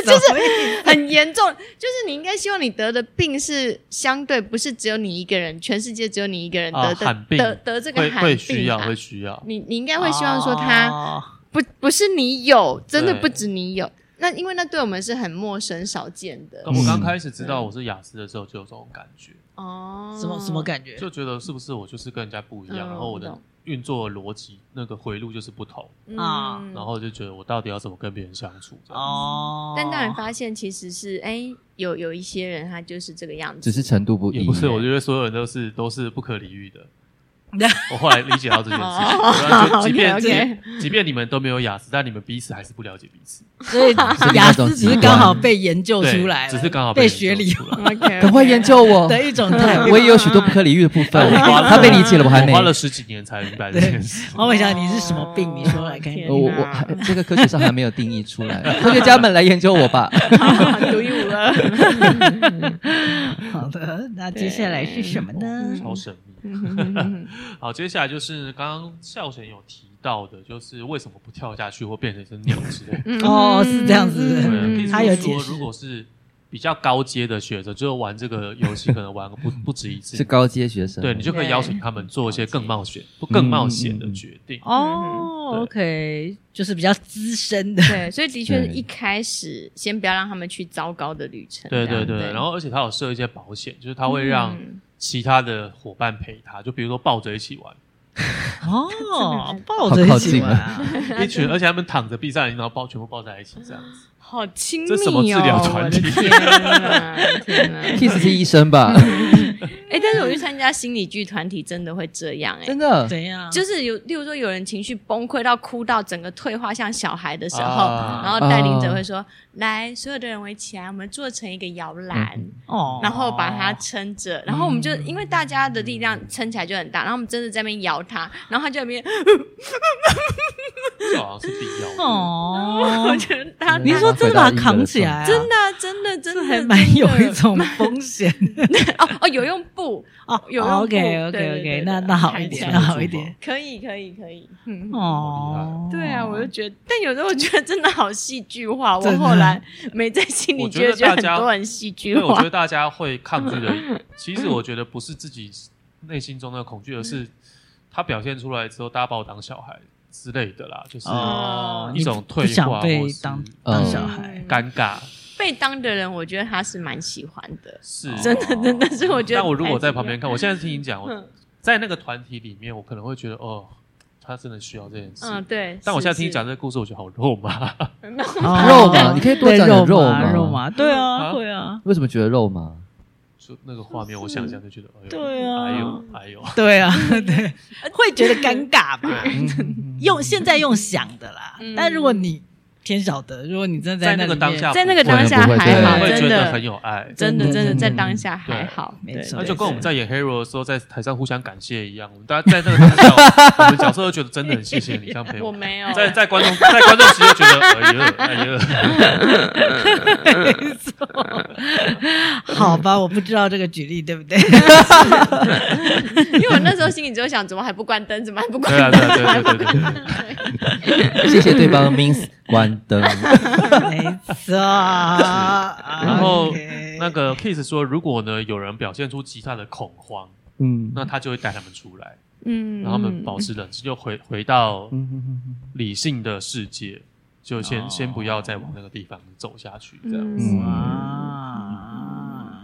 就是很嚴重，就是你應該希望你得的病是相對不是只有你一個人，全世界只有你一個人，呃，得病得得這個罕病，啊，會需要會需要你你應該會希望說他不不是你有、啊，真的不止你有。那因為那對我們是很陌生、少見的。嗯、我剛開始知道我是雅思的時候，就有這種感覺。哦、嗯，什麼什麼感覺？就覺得是不是我就是跟人家不一樣，嗯、然後我的運作邏輯、嗯、那個回路就是不同啊、嗯。然後就覺得我到底要怎麼跟別人相處？哦、嗯。但當然發現其實是，哎、欸，有有一些人他就是這個樣子，只是程度不一樣。也不是，我覺得所有人都是都是不可理喻的。 我後來理解到這件事情，oh, oh, oh, oh, okay, okay. 即便即便你們都沒有雅思，但你們彼此還是不了解彼此。所 以雅思只是剛好被研究出來 只是剛好被學理。趕、 okay, okay. 快研究我的 一種態度， 我也有許多不可理喻的部分。 他被理解了，我還沒。我花了十幾年才明白這件事。我問一下，oh, God, 你是什麼病？你說來聽聽。 我我這個科學上還沒有定義出來， 科學家們來研究我吧。 好的，那接下來是什麼呢？嗯哦、超神秘。 好，接下來就是剛剛效賢有提到的，就是為什麼不跳下去或變成一隻鳥之類的？哦， 是這樣子。說他有解釋。如果是比較高階的學生就玩這個遊戲，可能玩個不不止一次。 是高階學生，對，你就可以邀請他們做一些更冒險、不更冒險的決定。嗯嗯嗯嗯、哦，OK，就是比較資深的。對，所以的確是一開始先不要讓他們去糟糕的旅程。對對對，對，然後而且他有設一些保險，就是他會讓其他的伙伴陪他，就比如說抱着一起玩。嗯、哦，抱着一起玩，啊、 一群，而且他們躺着閉上眼，然後抱，全部抱在一起這樣子。 好親密哦！這什麼治療團體？我的天啊， 天啊！Kiss 是醫生吧？哎、 欸，但是我去參加心理劇團體，真的會這樣哎、欸，真的怎樣？就是有，例如說有人情緒崩潰到哭到整個退化像小孩的時候，啊、然後帶領者會說：“啊、來，所有的人，圍起來，我們做成一個搖籃，哦、嗯，然後把它撐着，然後我們就、嗯、因為大家的力量撐起來就很大，嗯然，後大很大嗯、然後我們真的在那邊搖它，然後它就在那邊，好、嗯、像、 哦、是必要的、嗯、哦。我覺得他， 你說。真的把它扛起來、啊的啊，真的，真的，真的還蠻有一種風險。哦 哦，有用布哦，有用布。哦用布哦、OK OK OK，那那好一點，一點啊、那好一點。可以可以可以、嗯，哦，對啊，我就覺得、哦，但有時候我覺得真的好戲劇化。我後來沒在心裡覺得大家很戲劇化，我覺得大家，因為我覺得大家會抗拒的。其實我覺得不是自己內心中的恐懼， 而是他表現出來之後，大家把我當小孩。之類的啦，就是一種退化，嗯，或當當小孩尷尬，被當的人，我覺得他是蠻喜歡的，是真的，真的是我覺得。但我如果在旁邊看，我現在聽你講，我在那個團體裡面，我可能會覺得哦，他真的需要這件事。嗯，對。是是，但我現在聽你講這個故事，我覺得好肉麻，肉麻。 你可以多講點肉麻，肉麻，肉麻，對啊，啊，對啊。為什麼覺得肉麻？就那個畫面，我想想就覺得，就是、哎呦、啊，哎呦，哎呦，對啊、哎、對，會覺得尷尬吧？ 嗯嗯、用、嗯、現在用想的啦，嗯、但如果你。天曉得，如果你真的在那，在那個當下，在那個當下還好，真的很有愛，真的，真的，真，的真的在當下還好，沒錯。那就跟我們在演 hero 的時候，在台上互相感謝一樣，大家在那個當下 我們角色都覺得真的很謝謝你，這 樣陪我。我沒有在在觀眾在觀眾席又覺得 哎呀，哎呀，沒、哎、錯，好、哎、吧，我不知道這個舉例對不對，因為我那時候心裡只有想，怎麼還不關燈，怎麼還不關燈？謝謝對方的 means。關燈，沒錯錯、啊。 然後那個 Keith 說，如果呢有人表現出其他的恐慌，嗯，那他就會帶他們出來，嗯，讓他們保持冷靜，就回回到理性的世界，就先先不要再往那個地方走下去，這樣子啊、嗯嗯嗯嗯。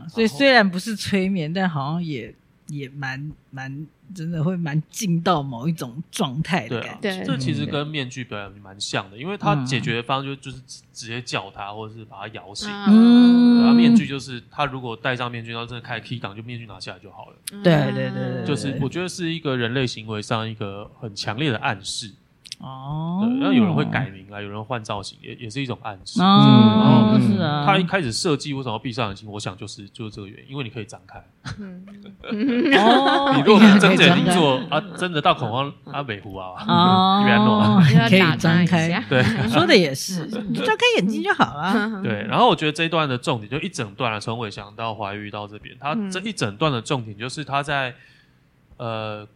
所以雖然不是催眠，但好像也。也蠻蠻真的會蠻進到某一種狀態的感覺，啊嗯、這其實跟面具表演蠻像的，因為他解決方就是嗯、就是直接叫他，或者是把他搖醒。嗯，然後面具就是他如果戴上面具，然後真的開 K 檔，就面具拿下來就好了。對對對，就是我覺得是一個人類行為上一個很強烈的暗示。哦、oh，那有人會改名啊，有人會換造型，也也是一種暗示。嗯、oh, um, um, 是啊，他一開始設計為什麼要閉上眼睛？我想就是就是這個原因，因為你可以張開。 oh, 你如果真睜着眼睛做啊，真的到恐慌 啊，北湖啊，遠、oh, 了、 啊，可以張開，開。對，說的也是， 你張開眼睛就好了、啊。 對，然後我覺得這一段的重點就一整段啊，從煒翔到懷玉到這邊，他這一整段的重點就是他在 呃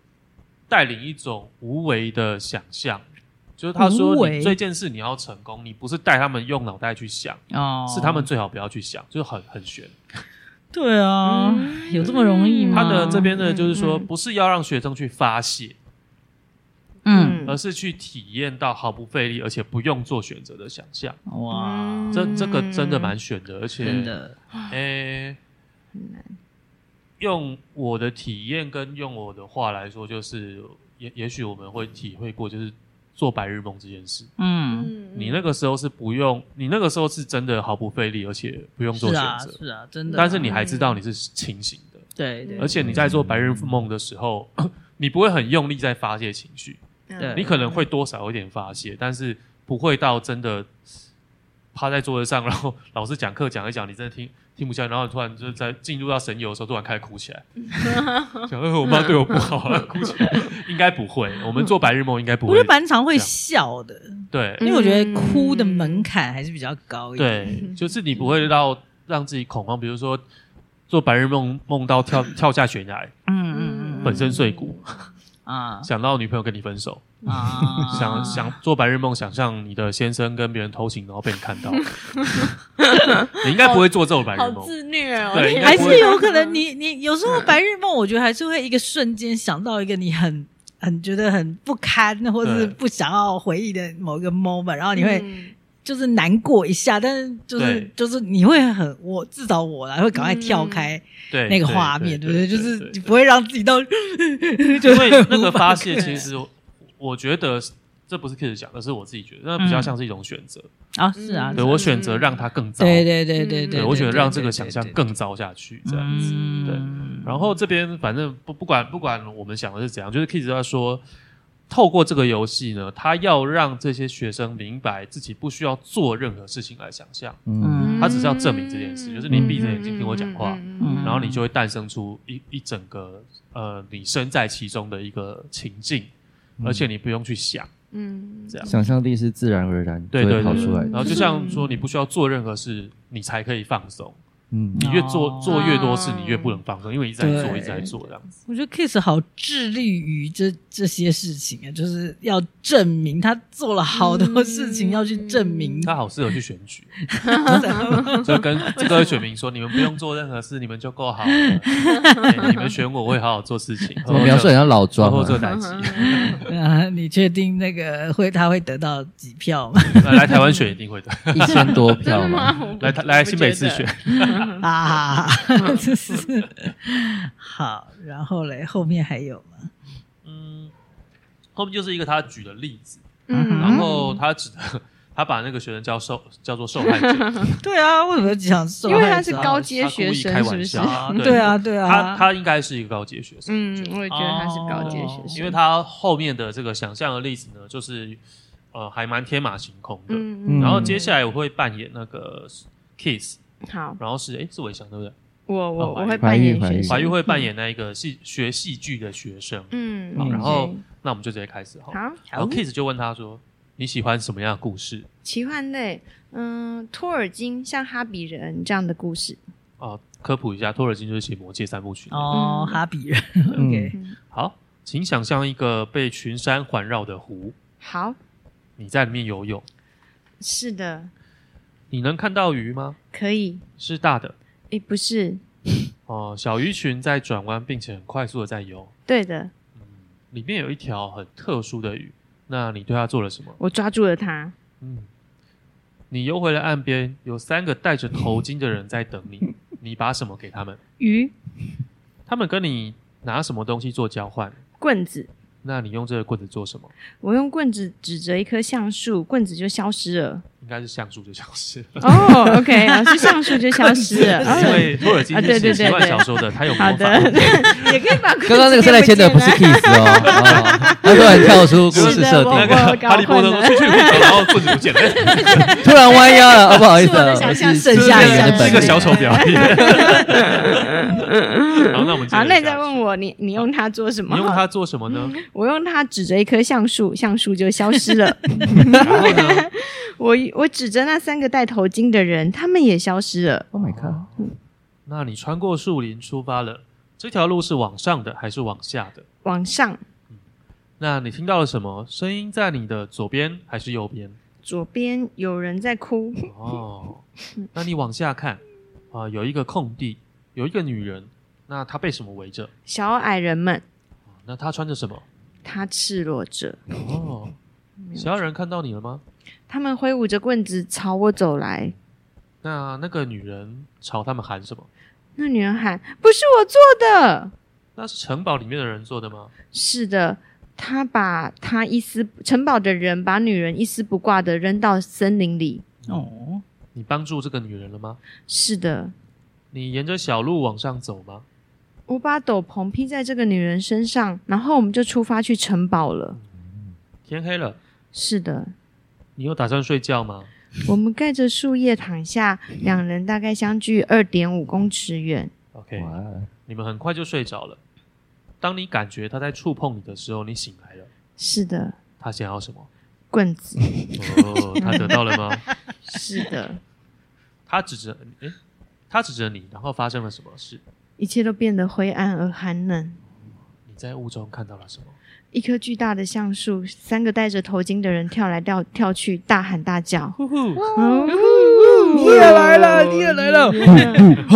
帶領一種無為的想象。就是他說你這件事你要成功，嗯、你不是帶他們用腦袋去想、哦，是他們最好不要去想，就是很很懸。對啊、嗯，有這麼容易嗎？他的這邊呢，就是說不是要讓學生去發洩，嗯，而是去體驗到毫不費力，而且不用做選擇的想象。哇，嗯、這這個真的蠻懸的，而且真的，哎，很難。用我的體驗跟用我的話來說，就是也也許我們會體會過，就是。做白日夢這件事，嗯，你那個時候是不用，你那個時候是真的毫不費力，而且不用做選擇，是啊，是啊，真的啊。但是你還知道你是清醒的，嗯，對，對，而且你在做白日夢的時候，嗯，你不會很用力在發洩情緒，你可能會多少有點發洩，但是不會到真的。趴在桌子上，然後老師講課講一講，你真的聽聽不下，然後突然就在進入到神遊的時候，突然開始哭起來， 想：哎，我媽對我不好了， 哭起來。應該不會，我們做白日夢應該不會。我覺得蠻常會笑的，對、嗯，因為我覺得哭的門檻還是比較高一點。一、嗯、對，就是你不會到讓自己恐慌，比如說做白日夢夢到跳跳下懸崖，嗯嗯嗯，粉身碎骨啊，想到女朋友跟你分手。啊、想想做白日夢，想象你的先生跟別人偷情，然後被你看到， 你應該不會做這種白日夢。好自虐哦，還是有可能你。你你有時候白日夢，我覺得還是會一個瞬間想到一個你很很覺得很不堪，或者是不想要回憶的某一個 moment，然後你會就是難過一下，嗯、但是就是就是你會很我至少我啦，會趕快跳開那個畫面，對不對，對？就是你不會讓自己到，對對對對 就會，那個發洩其實。我覺得這不是 Keith 講的，是我自己覺得，那比較像是一種選擇、嗯、啊，是啊，對我選擇讓他更糟，對對對對對，對，對，對，對，對，對我選擇讓這個想象更糟下去這樣子，嗯、對。然後這邊反正不不管不管我們想的是怎樣，就是 Keith 他說，透過這個遊戲呢，他要讓這些學生明白自己不需要做任何事情來想象，嗯，他只是要證明這件事，就是你閉着眼睛聽我講話、嗯，然後你就會誕生出一一整個呃，你身在其中的一個情境。而且你不用去想，嗯，這樣想象力是自然而然，對對對，就跑出來、嗯。然後就像說，你不需要做任何事，你才可以放鬆。嗯，你越做、oh. 做越多事，你越不能放鬆，因為一直在做，一直在做這樣子。我覺得 Keith 好致力於這這些事情啊，就是要證明他做了好多事情，要去證明、嗯、他好適合去選舉，就 跟各、這個、位選民說，你們不用做任何事，你們就夠好了、 欸，你們選我，我會好好做事情。 描述人家老莊或、啊、做南極 啊？你確定那個會他會得到幾票嗎？ 來台灣選一定會得 一千多票 嗎？來來新北市選。 啊，這是好，然後咧，後面還有嗎？嗯，後面就是一個他舉的例子，嗯、然後他指的，他把那個學生叫受，叫做受害者。嗯、對啊，為什麼講受害者？因為他是高階、啊、學生是是，是啊，對啊。他他應該是一個高階學生，嗯，我也覺得他是高階學生、啊，因為他後面的這個想象的例子呢，就是呃，還蠻天馬行空的。嗯嗯。然後接下來我會扮演那個 Keith。好，然後是哎，是煒翔對不對？我我、哦、我會扮演懷玉，會扮演那一個戲、嗯、學戲劇的學生。嗯，好，嗯、然後、okay. 那我們就直接開始好，好，然後 Keith 就問他說、嗯：“你喜歡什麼樣的故事？”奇幻類，嗯，托爾金像哈比人這樣的故事。哦，科普一下，托爾金就是寫《魔戒》三部曲。哦， 哈比人。OK，、嗯、好，請想象一個被群山環繞的湖。好，你在裡面游泳。是的。你能看到魚嗎？可以是大的誒、欸，不是哦。小魚群在轉彎，並且很快速的在游。對的，嗯，裡面有一條很特殊的魚。那你對它做了什麼？我抓住了它。嗯，你游回了岸邊，有三個戴着頭巾的人在等你。你把什麼給他們？ 魚。他們跟你拿什麼東西做交換？棍子。那你用這個棍子做什麼？我用棍子指着一棵橡樹，棍子就消失了。應該是橡樹就消失了哦、oh。OK，老師，橡樹就消失了、 啊。因為托爾金是寫奇幻小說的， 啊、對對對對對他有魔法，好的 也可以把 剛剛那個聲帶牽的不是 kiss 哦， 哦哦 他突然跳出故事設定，那個哈利波特出 去,去回， 然後自己不見了， 突然彎腰了、 哦，不好意思，我想象剩下一個，是是 一個小丑表演。 好，那我們去好，那你再問我，你你用它做什麼？你用它做什麼呢？我用它指着一棵橡樹，橡樹就消失了。然後呢？我我指着那三個戴頭巾的人，他們也消失了。Oh my god！、嗯、那你穿過樹林出發了，這條路是往上的還是往下的？往上。嗯、那你聽到了什麼聲音？在你的左邊還是右邊？左邊有人在哭。哦、oh。 那你往下看啊，有一個空地，有一個女人，那她被什麼圍着？小矮人們。那她穿着什麼？她赤裸着。哦、oh,。小矮人看到你了嗎？他們揮舞着棍子朝我走來。那那個女人朝他們喊什麼？那女人喊：“不是我做的。”那是城堡裡面的人做的嗎？是的，他把他一絲城堡的人把女人一絲不掛的扔到森林裡。哦，嗯、你幫助這個女人了嗎？是的。你沿着小路往上走嗎？我把斗篷披在這個女人身上，然後我們就出發去城堡了。嗯、天黑了。是的。你有打算睡覺嗎？我們蓋着樹葉躺下，兩人大概相距二點五公尺遠。OK，你們很快就睡着了。當你感覺他在觸碰你的時候，你醒來了。是的。他想要什麼？棍子。哦、 oh,，他得到了嗎？ 是的。他指着哎、欸，他指着你，然後發生了什麼事？一切都變得灰暗而寒冷。你在霧中看到了什麼？一棵巨大的橡樹，三個戴着頭巾的人跳來跳跳去，大喊大叫。呼呼，你也來了，你也來了。呼、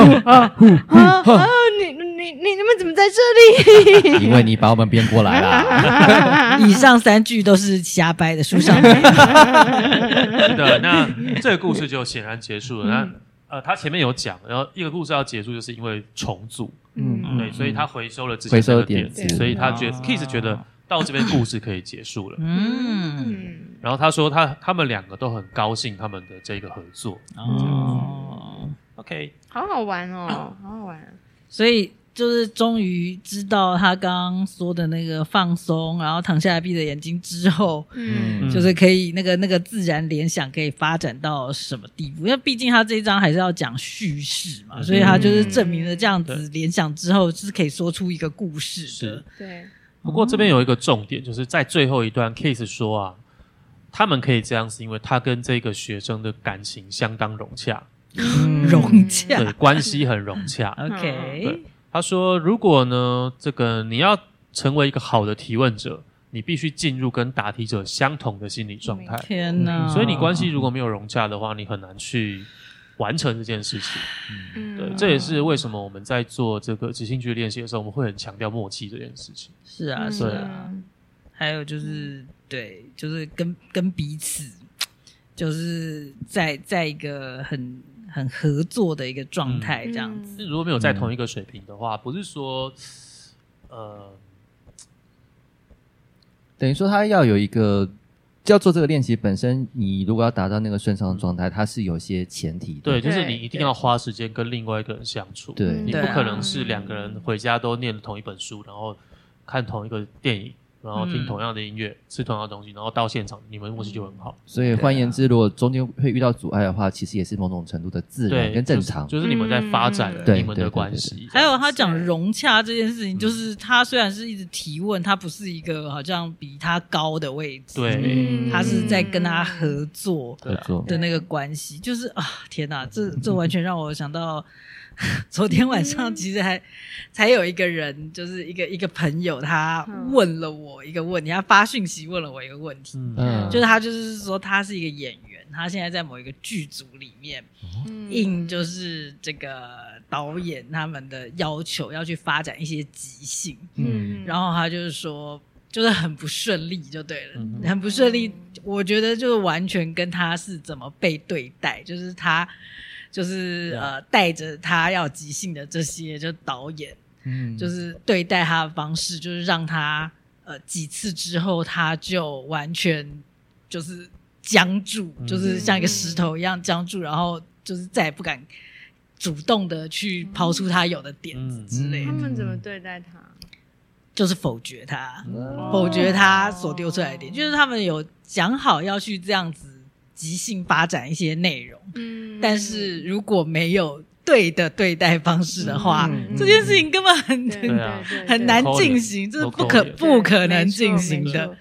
哦哦、呼，呼呼啊呼啊呼啊啊啊、你你你你們怎麼在這裡？因為你把我們編過來了。 以上三句都是瞎掰的，書上。對， 那這個故事就顯然結束了。那、嗯、呃，他前面有講，然後一個故事要結束，就是因為重組。嗯，對，嗯、所以他回收了自己。回收的點子，所以他覺，Keith、哦、覺得。 到這邊故事可以結束了。嗯，然後他說他他們兩個都很高興他們的這個合作。嗯、這樣哦，OK，好好玩哦、啊，好好玩。所以就是終於知道他剛剛說的那個放鬆，然後躺下來閉着眼睛之後，嗯，就是可以那個那個自然聯想可以發展到什麼地步？因為畢竟他這一章還是要講敘事嘛，嗯、所以他就是證明了這樣子聯想之後、嗯、是可以說出一個故事的，對。不過這邊有一個重點、嗯，就是在最後一段 case 說啊，他們可以這樣子，因為他跟這個學生的感情相當融洽，嗯、融洽對，關係很融洽。OK，對，他說如果呢，這個你要成為一個好的提問者，你必須進入跟答題者相同的心理狀態。天哪、啊！所以你關係如果沒有融洽的話，你很難去完成這件事情，嗯對嗯，這也是為什麼我們在做這個即興劇練習的時候，我們會很強調默契這件事情。是啊，是啊、嗯。還有就是，對，就是跟跟彼此，就是在在一個很很合作的一個狀態這樣子。嗯嗯、如果沒有在同一個水平的話，不是說，呃，嗯、等於說他要有一個。就要做這個練習本身，你如果要達到那個順暢的狀態，它是有些前提的。對，就是你一定要花時間跟另外一個人相處。對，對你不可能是兩個人回家都念了同一本書，然後看同一個電影。然後聽同樣的音樂、嗯，吃同樣的東西，然後到現場，你們默契就很好。所以換言之、啊，如果中間會遇到阻礙的話，其實也是某種程度的自然跟正常，就是、就是你們在發展、嗯、對你們的關係對對對對對。還有他講融洽這件事情，就是他雖然是一直提問，他不是一個好像比他高的位置，對，他是在跟他合作的合作的那個關係，就是啊，天哪，這這完全讓我想到。昨天晚上其實還、嗯、才有一個人，就是一個一個朋友，他問了我一個問題，嗯、他發訊息問了我一個問題，嗯，就是他就是說他是一個演員，他現在在某一個劇組裡面，應、嗯、就是這個導演他們的要求要去發展一些即興，嗯，然後他就是說就是很不順利，就對了，嗯、很不順利、嗯，我覺得就是完全跟他是怎麼被對待，就是他。就是、Yeah. 呃，帶着他要即興的這些，就導演，嗯，就是對待他的方式，就是讓他呃幾次之後，他就完全就是僵住、嗯，就是像一個石頭一樣僵住，嗯、然後就是再也不敢主動的去拋出他有的點子之類的、嗯嗯嗯。他們怎麼對待他？就是否決他，嗯、否決他所丟出來的點、哦，就是他們有講好要去這樣子。即興發展一些內容，嗯，但是如果沒有對的對待方式的話，嗯嗯嗯、這件事情根本很、啊、很難進行，這、啊就是不可不可能進行的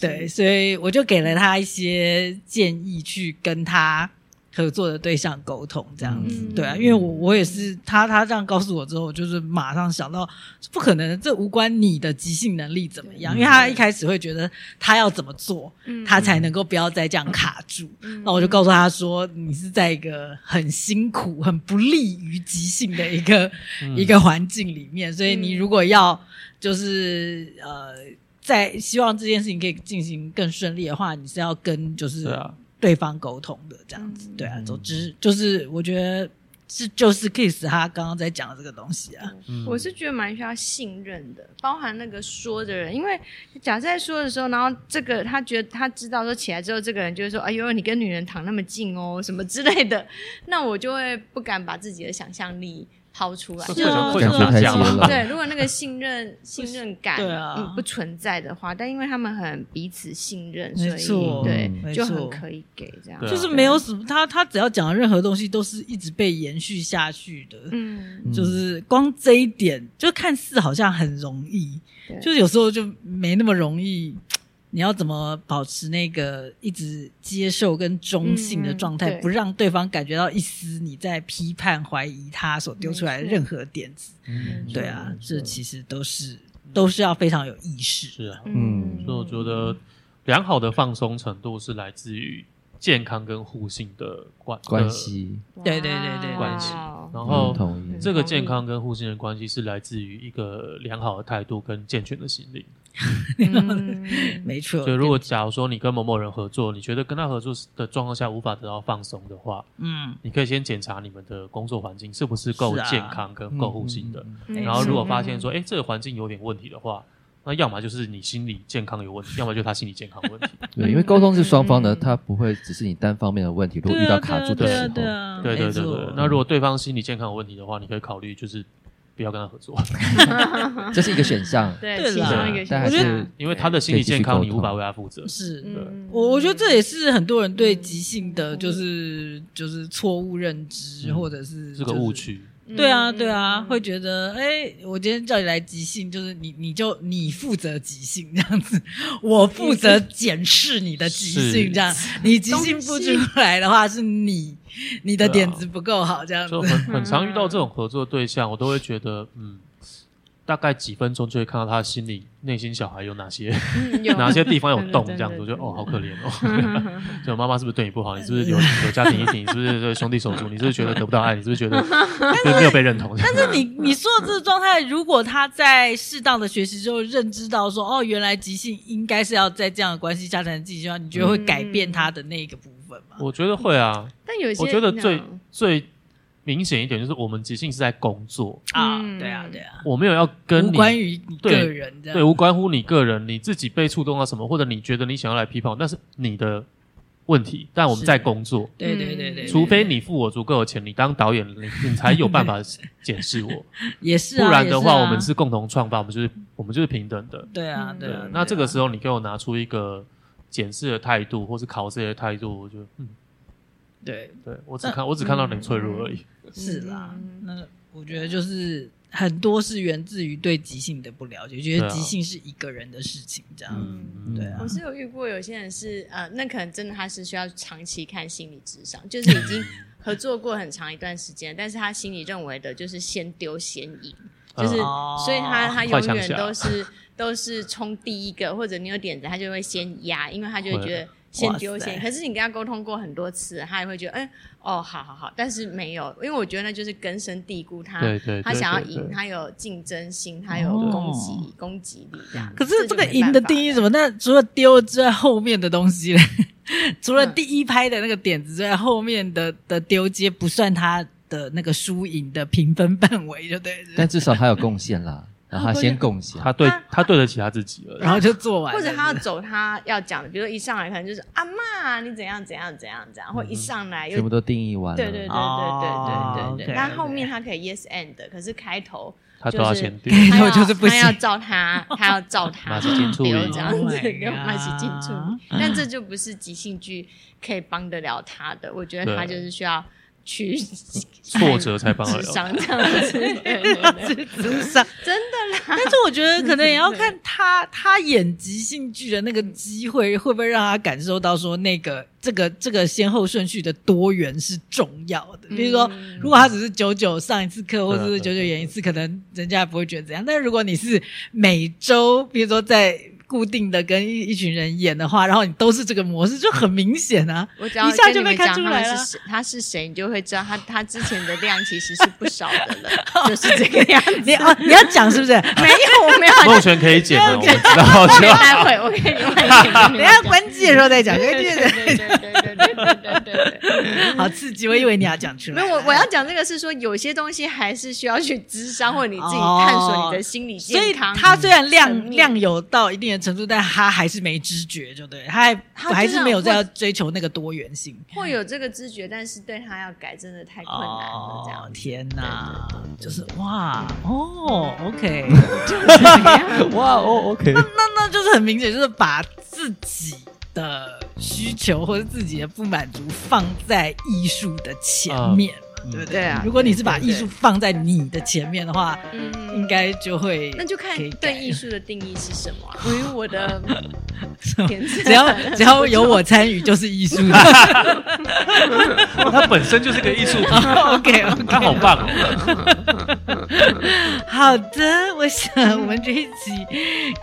對，對，所以我就給了他一些建議，去跟他。合作的對象溝通這樣子，嗯、對啊，因為我我也是他他這樣告訴我之後，我就是馬上想到不可能，這無關你的即興能力怎麼樣，嗯、因為他一開始會覺得他要怎麼做，嗯、他才能夠不要再這樣卡住，嗯。那我就告訴他說，你是在一個很辛苦、很不利於即興的一個、嗯、一個環境裡面，所以你如果要就是、嗯、呃，在希望這件事情可以進行更順利的話，你是要跟就是。對方溝通的這樣子，嗯，對啊，總之就是我覺得是就是 Kiss 他剛剛在講的這個東西啊，嗯、我是覺得蠻需要信任的，包含那個說的人，因為假設在說的時候，然後這個他覺得他知道說起來之後，這個人就會說啊，哎呦，你跟女人躺那麼近哦，什麼之類的，那我就會不敢把自己的想象力。掏出來，對，如果那個信任、信任感不、啊嗯、不存在的話，但因為他們很彼此信任，所以對，就很可以給這樣。啊、就是沒有什麼，他他只要講的任何東西都是一直被延續下去的，嗯、啊啊，就是光這一點就看似好像很容易，對就是有時候就沒那麼容易。你要怎麼保持那個一直接受跟中性的狀態嗯嗯，不讓對方感覺到一絲你在批判、懷疑他所丟出來的任何點子？對啊，這其實都是、嗯、都是要非常有意識。是啊，嗯，所以我覺得良好的放鬆程度是來自於健康跟互信的關關係。呃、對，對對對對，關係。然後這個健康跟互信的關係是來自於一個良好的態度跟健全的心靈。 嗯、沒錯。所以，如果假如說你跟某某人合作，你覺得跟他合作的狀況下無法得到放鬆的話，嗯，你可以先檢查你們的工作環境是不是夠健康跟夠互信的、啊嗯。然後，如果發現說，哎、欸，這個環境有點問題的話，那要麼就是你心理健康有問題， 要麼就是他心理健康問題。對，因為溝通是雙方的，他不會只是你單方面的問題。如果遇到卡住的時候，對對對對，對、欸對，對，對。那如果對方心理健康有問題的話，你可以考慮就是。不要跟他合作， 這是一個選項。對，是這樣一個選項，但還是因為他的心理健康，欸、你無法為他負責、欸。是，我、嗯、我覺得這也是很多人對即興的就是就是錯誤認知、嗯，或者是這、就是、個誤區。對啊，對啊，嗯、會覺得，哎，我今天叫你來即興，就是你，你就你負責即興這樣子，我負責檢視你的即興這樣子，你即興不出來的話，是你，你的點子不夠好這樣子。啊、就很很常遇到這種合作對象，嗯啊、我都會覺得，嗯。大概幾分鐘就會看到他心裡內心小孩有哪些，嗯、有哪些地方有洞， 對對對對這樣子，就哦好可憐哦，就媽媽是不是對你不好？你是不是有有家庭陰影？你是不是兄弟手足？ 你是不是覺得得不到愛？你是不是覺得 你是不是沒有被認同？但是，是，但是你你說的這個狀態，如果他在適當的學習之後認知到說哦，原來即興應該是要在這樣的關係下才能進行，你覺得會改變他的那個部分嗎？我覺得會啊。嗯、但有些我覺得最最。明顯一點就是，我們即興是在工作啊，對啊，對啊，我沒有要跟你關於個人的，對，無關乎你個人，你自己被觸動到什麼，或者你覺得你想要來批判，那是你的問題。但我們在工作，對，對對對對，除非你付我足夠的錢，你當導演， 你，你才有辦法檢視我。 也是、啊，不然的話，啊、我們是共同創作，我們就是我們就是平等的。對啊，對啊。對對啊，對啊，那這個時候，你給我拿出一個檢視的態度，或是考試的態度，我就嗯。對對，我只看，嗯，我只看到你脆弱而已。是啦，那我覺得就是很多是源自於對即興的不了解，啊，覺得即興是一個人的事情，這樣，嗯。對啊，我是有遇過有些人是呃，那可能真的他是需要長期看心理智商，就是已經合作過很長一段時間， 但是他心裡認為的就是先丟先贏，就是，嗯，所以他他永遠都是都是衝第一個，或者你有點子，他就會先壓，因為他就會覺得。先丟先，可是你跟他溝通過很多次，他也會覺得，哎、欸，哦，好好好，但是沒有，因為我覺得那就是根深蒂固他，他他想要贏，他有競爭性，他有攻擊、哦、攻擊力這樣。可是這個贏的定義什麼？那除了丟在後面的東西、嗯，除了第一拍的那個點子在後面的的丟接不算他的那個輸贏的評分範圍，就對。但至少他有貢獻啦。 然後他先貢獻，他對，他對得起他自己了。然後就做完了是是，或者他要走，他要講的，比如說一上來可能就是“阿嬤，你怎樣怎樣怎樣怎樣”，或一上來、嗯、全部都定義完了。對對對對對對對對,對。那、哦哦 okay, 後面他可以 yes and，可是開頭、就是、他多少錢？開頭就是他要照他，他要照他。馬起金處理這樣子，oh、God, 跟馬起進出、嗯、但這就不是即興劇可以幫得了他的，我覺得他就是需要。去，挫折才幫了、嗯嗯，這樣子，真的啦，但是我覺得可能也要看他他演即興劇的那個機會，會不會讓他感受到說，那個這個這個先後順序的多元是重要的、嗯。比如說，如果他只是久久上一次課，或者是久久演一次、嗯，可能人家也不會覺得怎樣。嗯、但是如果你是每周，比如說在。固定的跟一一群人演的話，然後你都是這個模式，就很明顯啊！我一下就被看出來他是誰，你就會知道他他之前的量其實是不少的了， 就是這個樣子。 你、哦、你要講是不是？ 沒有，我沒有。孟璇可以剪的講，然後 就來回，我跟你一講。等一下關機的時候再講，關機再。 對，對對對，好刺激！我以為你要講出來。 沒有，我我要講這個是說，有些東西還是需要去諮商，哦、或者你自己探索你的心理健康。所以他雖然量，嗯、量有到一定的程度，但他還是沒知覺，就對他，還，他就還是沒有在要追求那個多元性。會有這個知覺，但是對他要改真的太困難了。哦、這樣，天哪，對對對對對對就是，哇哦，okay, 就是這樣哇哦，OK，哇哦 OK。那那那就是很明顯，就是把自己，的需求或者自己的不滿足放在藝術的前面。Uh. 嗯、對不對啊？如果你是把藝術放在你的前面的話，嗯，應該就會、嗯。那就看對藝術的定義是什麼、啊。對 我，我的，只要 只要有我參與就是藝術。 它本身就是一個藝術。 oh, OK o、okay, 它好棒、哦、 好的，我想我們這一集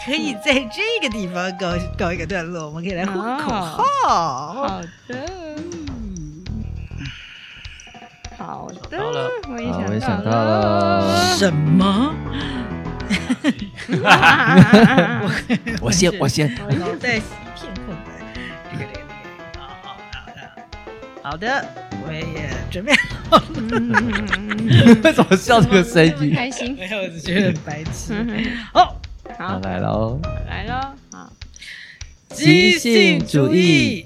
可以在這個地方搞 搞一個段落，我們可以來呼口號。Oh, 好的。好的，我也想到了。好，我也想到了。什麼？ 嗯啊、 我，我先，我先。腦袋一片空白。好的，我也準備好了。 為什麼笑這個聲音？開心？ 沒有，我只覺得很白痴。 嗯、好，好，好。來嘍！來嘍！好。即興主義。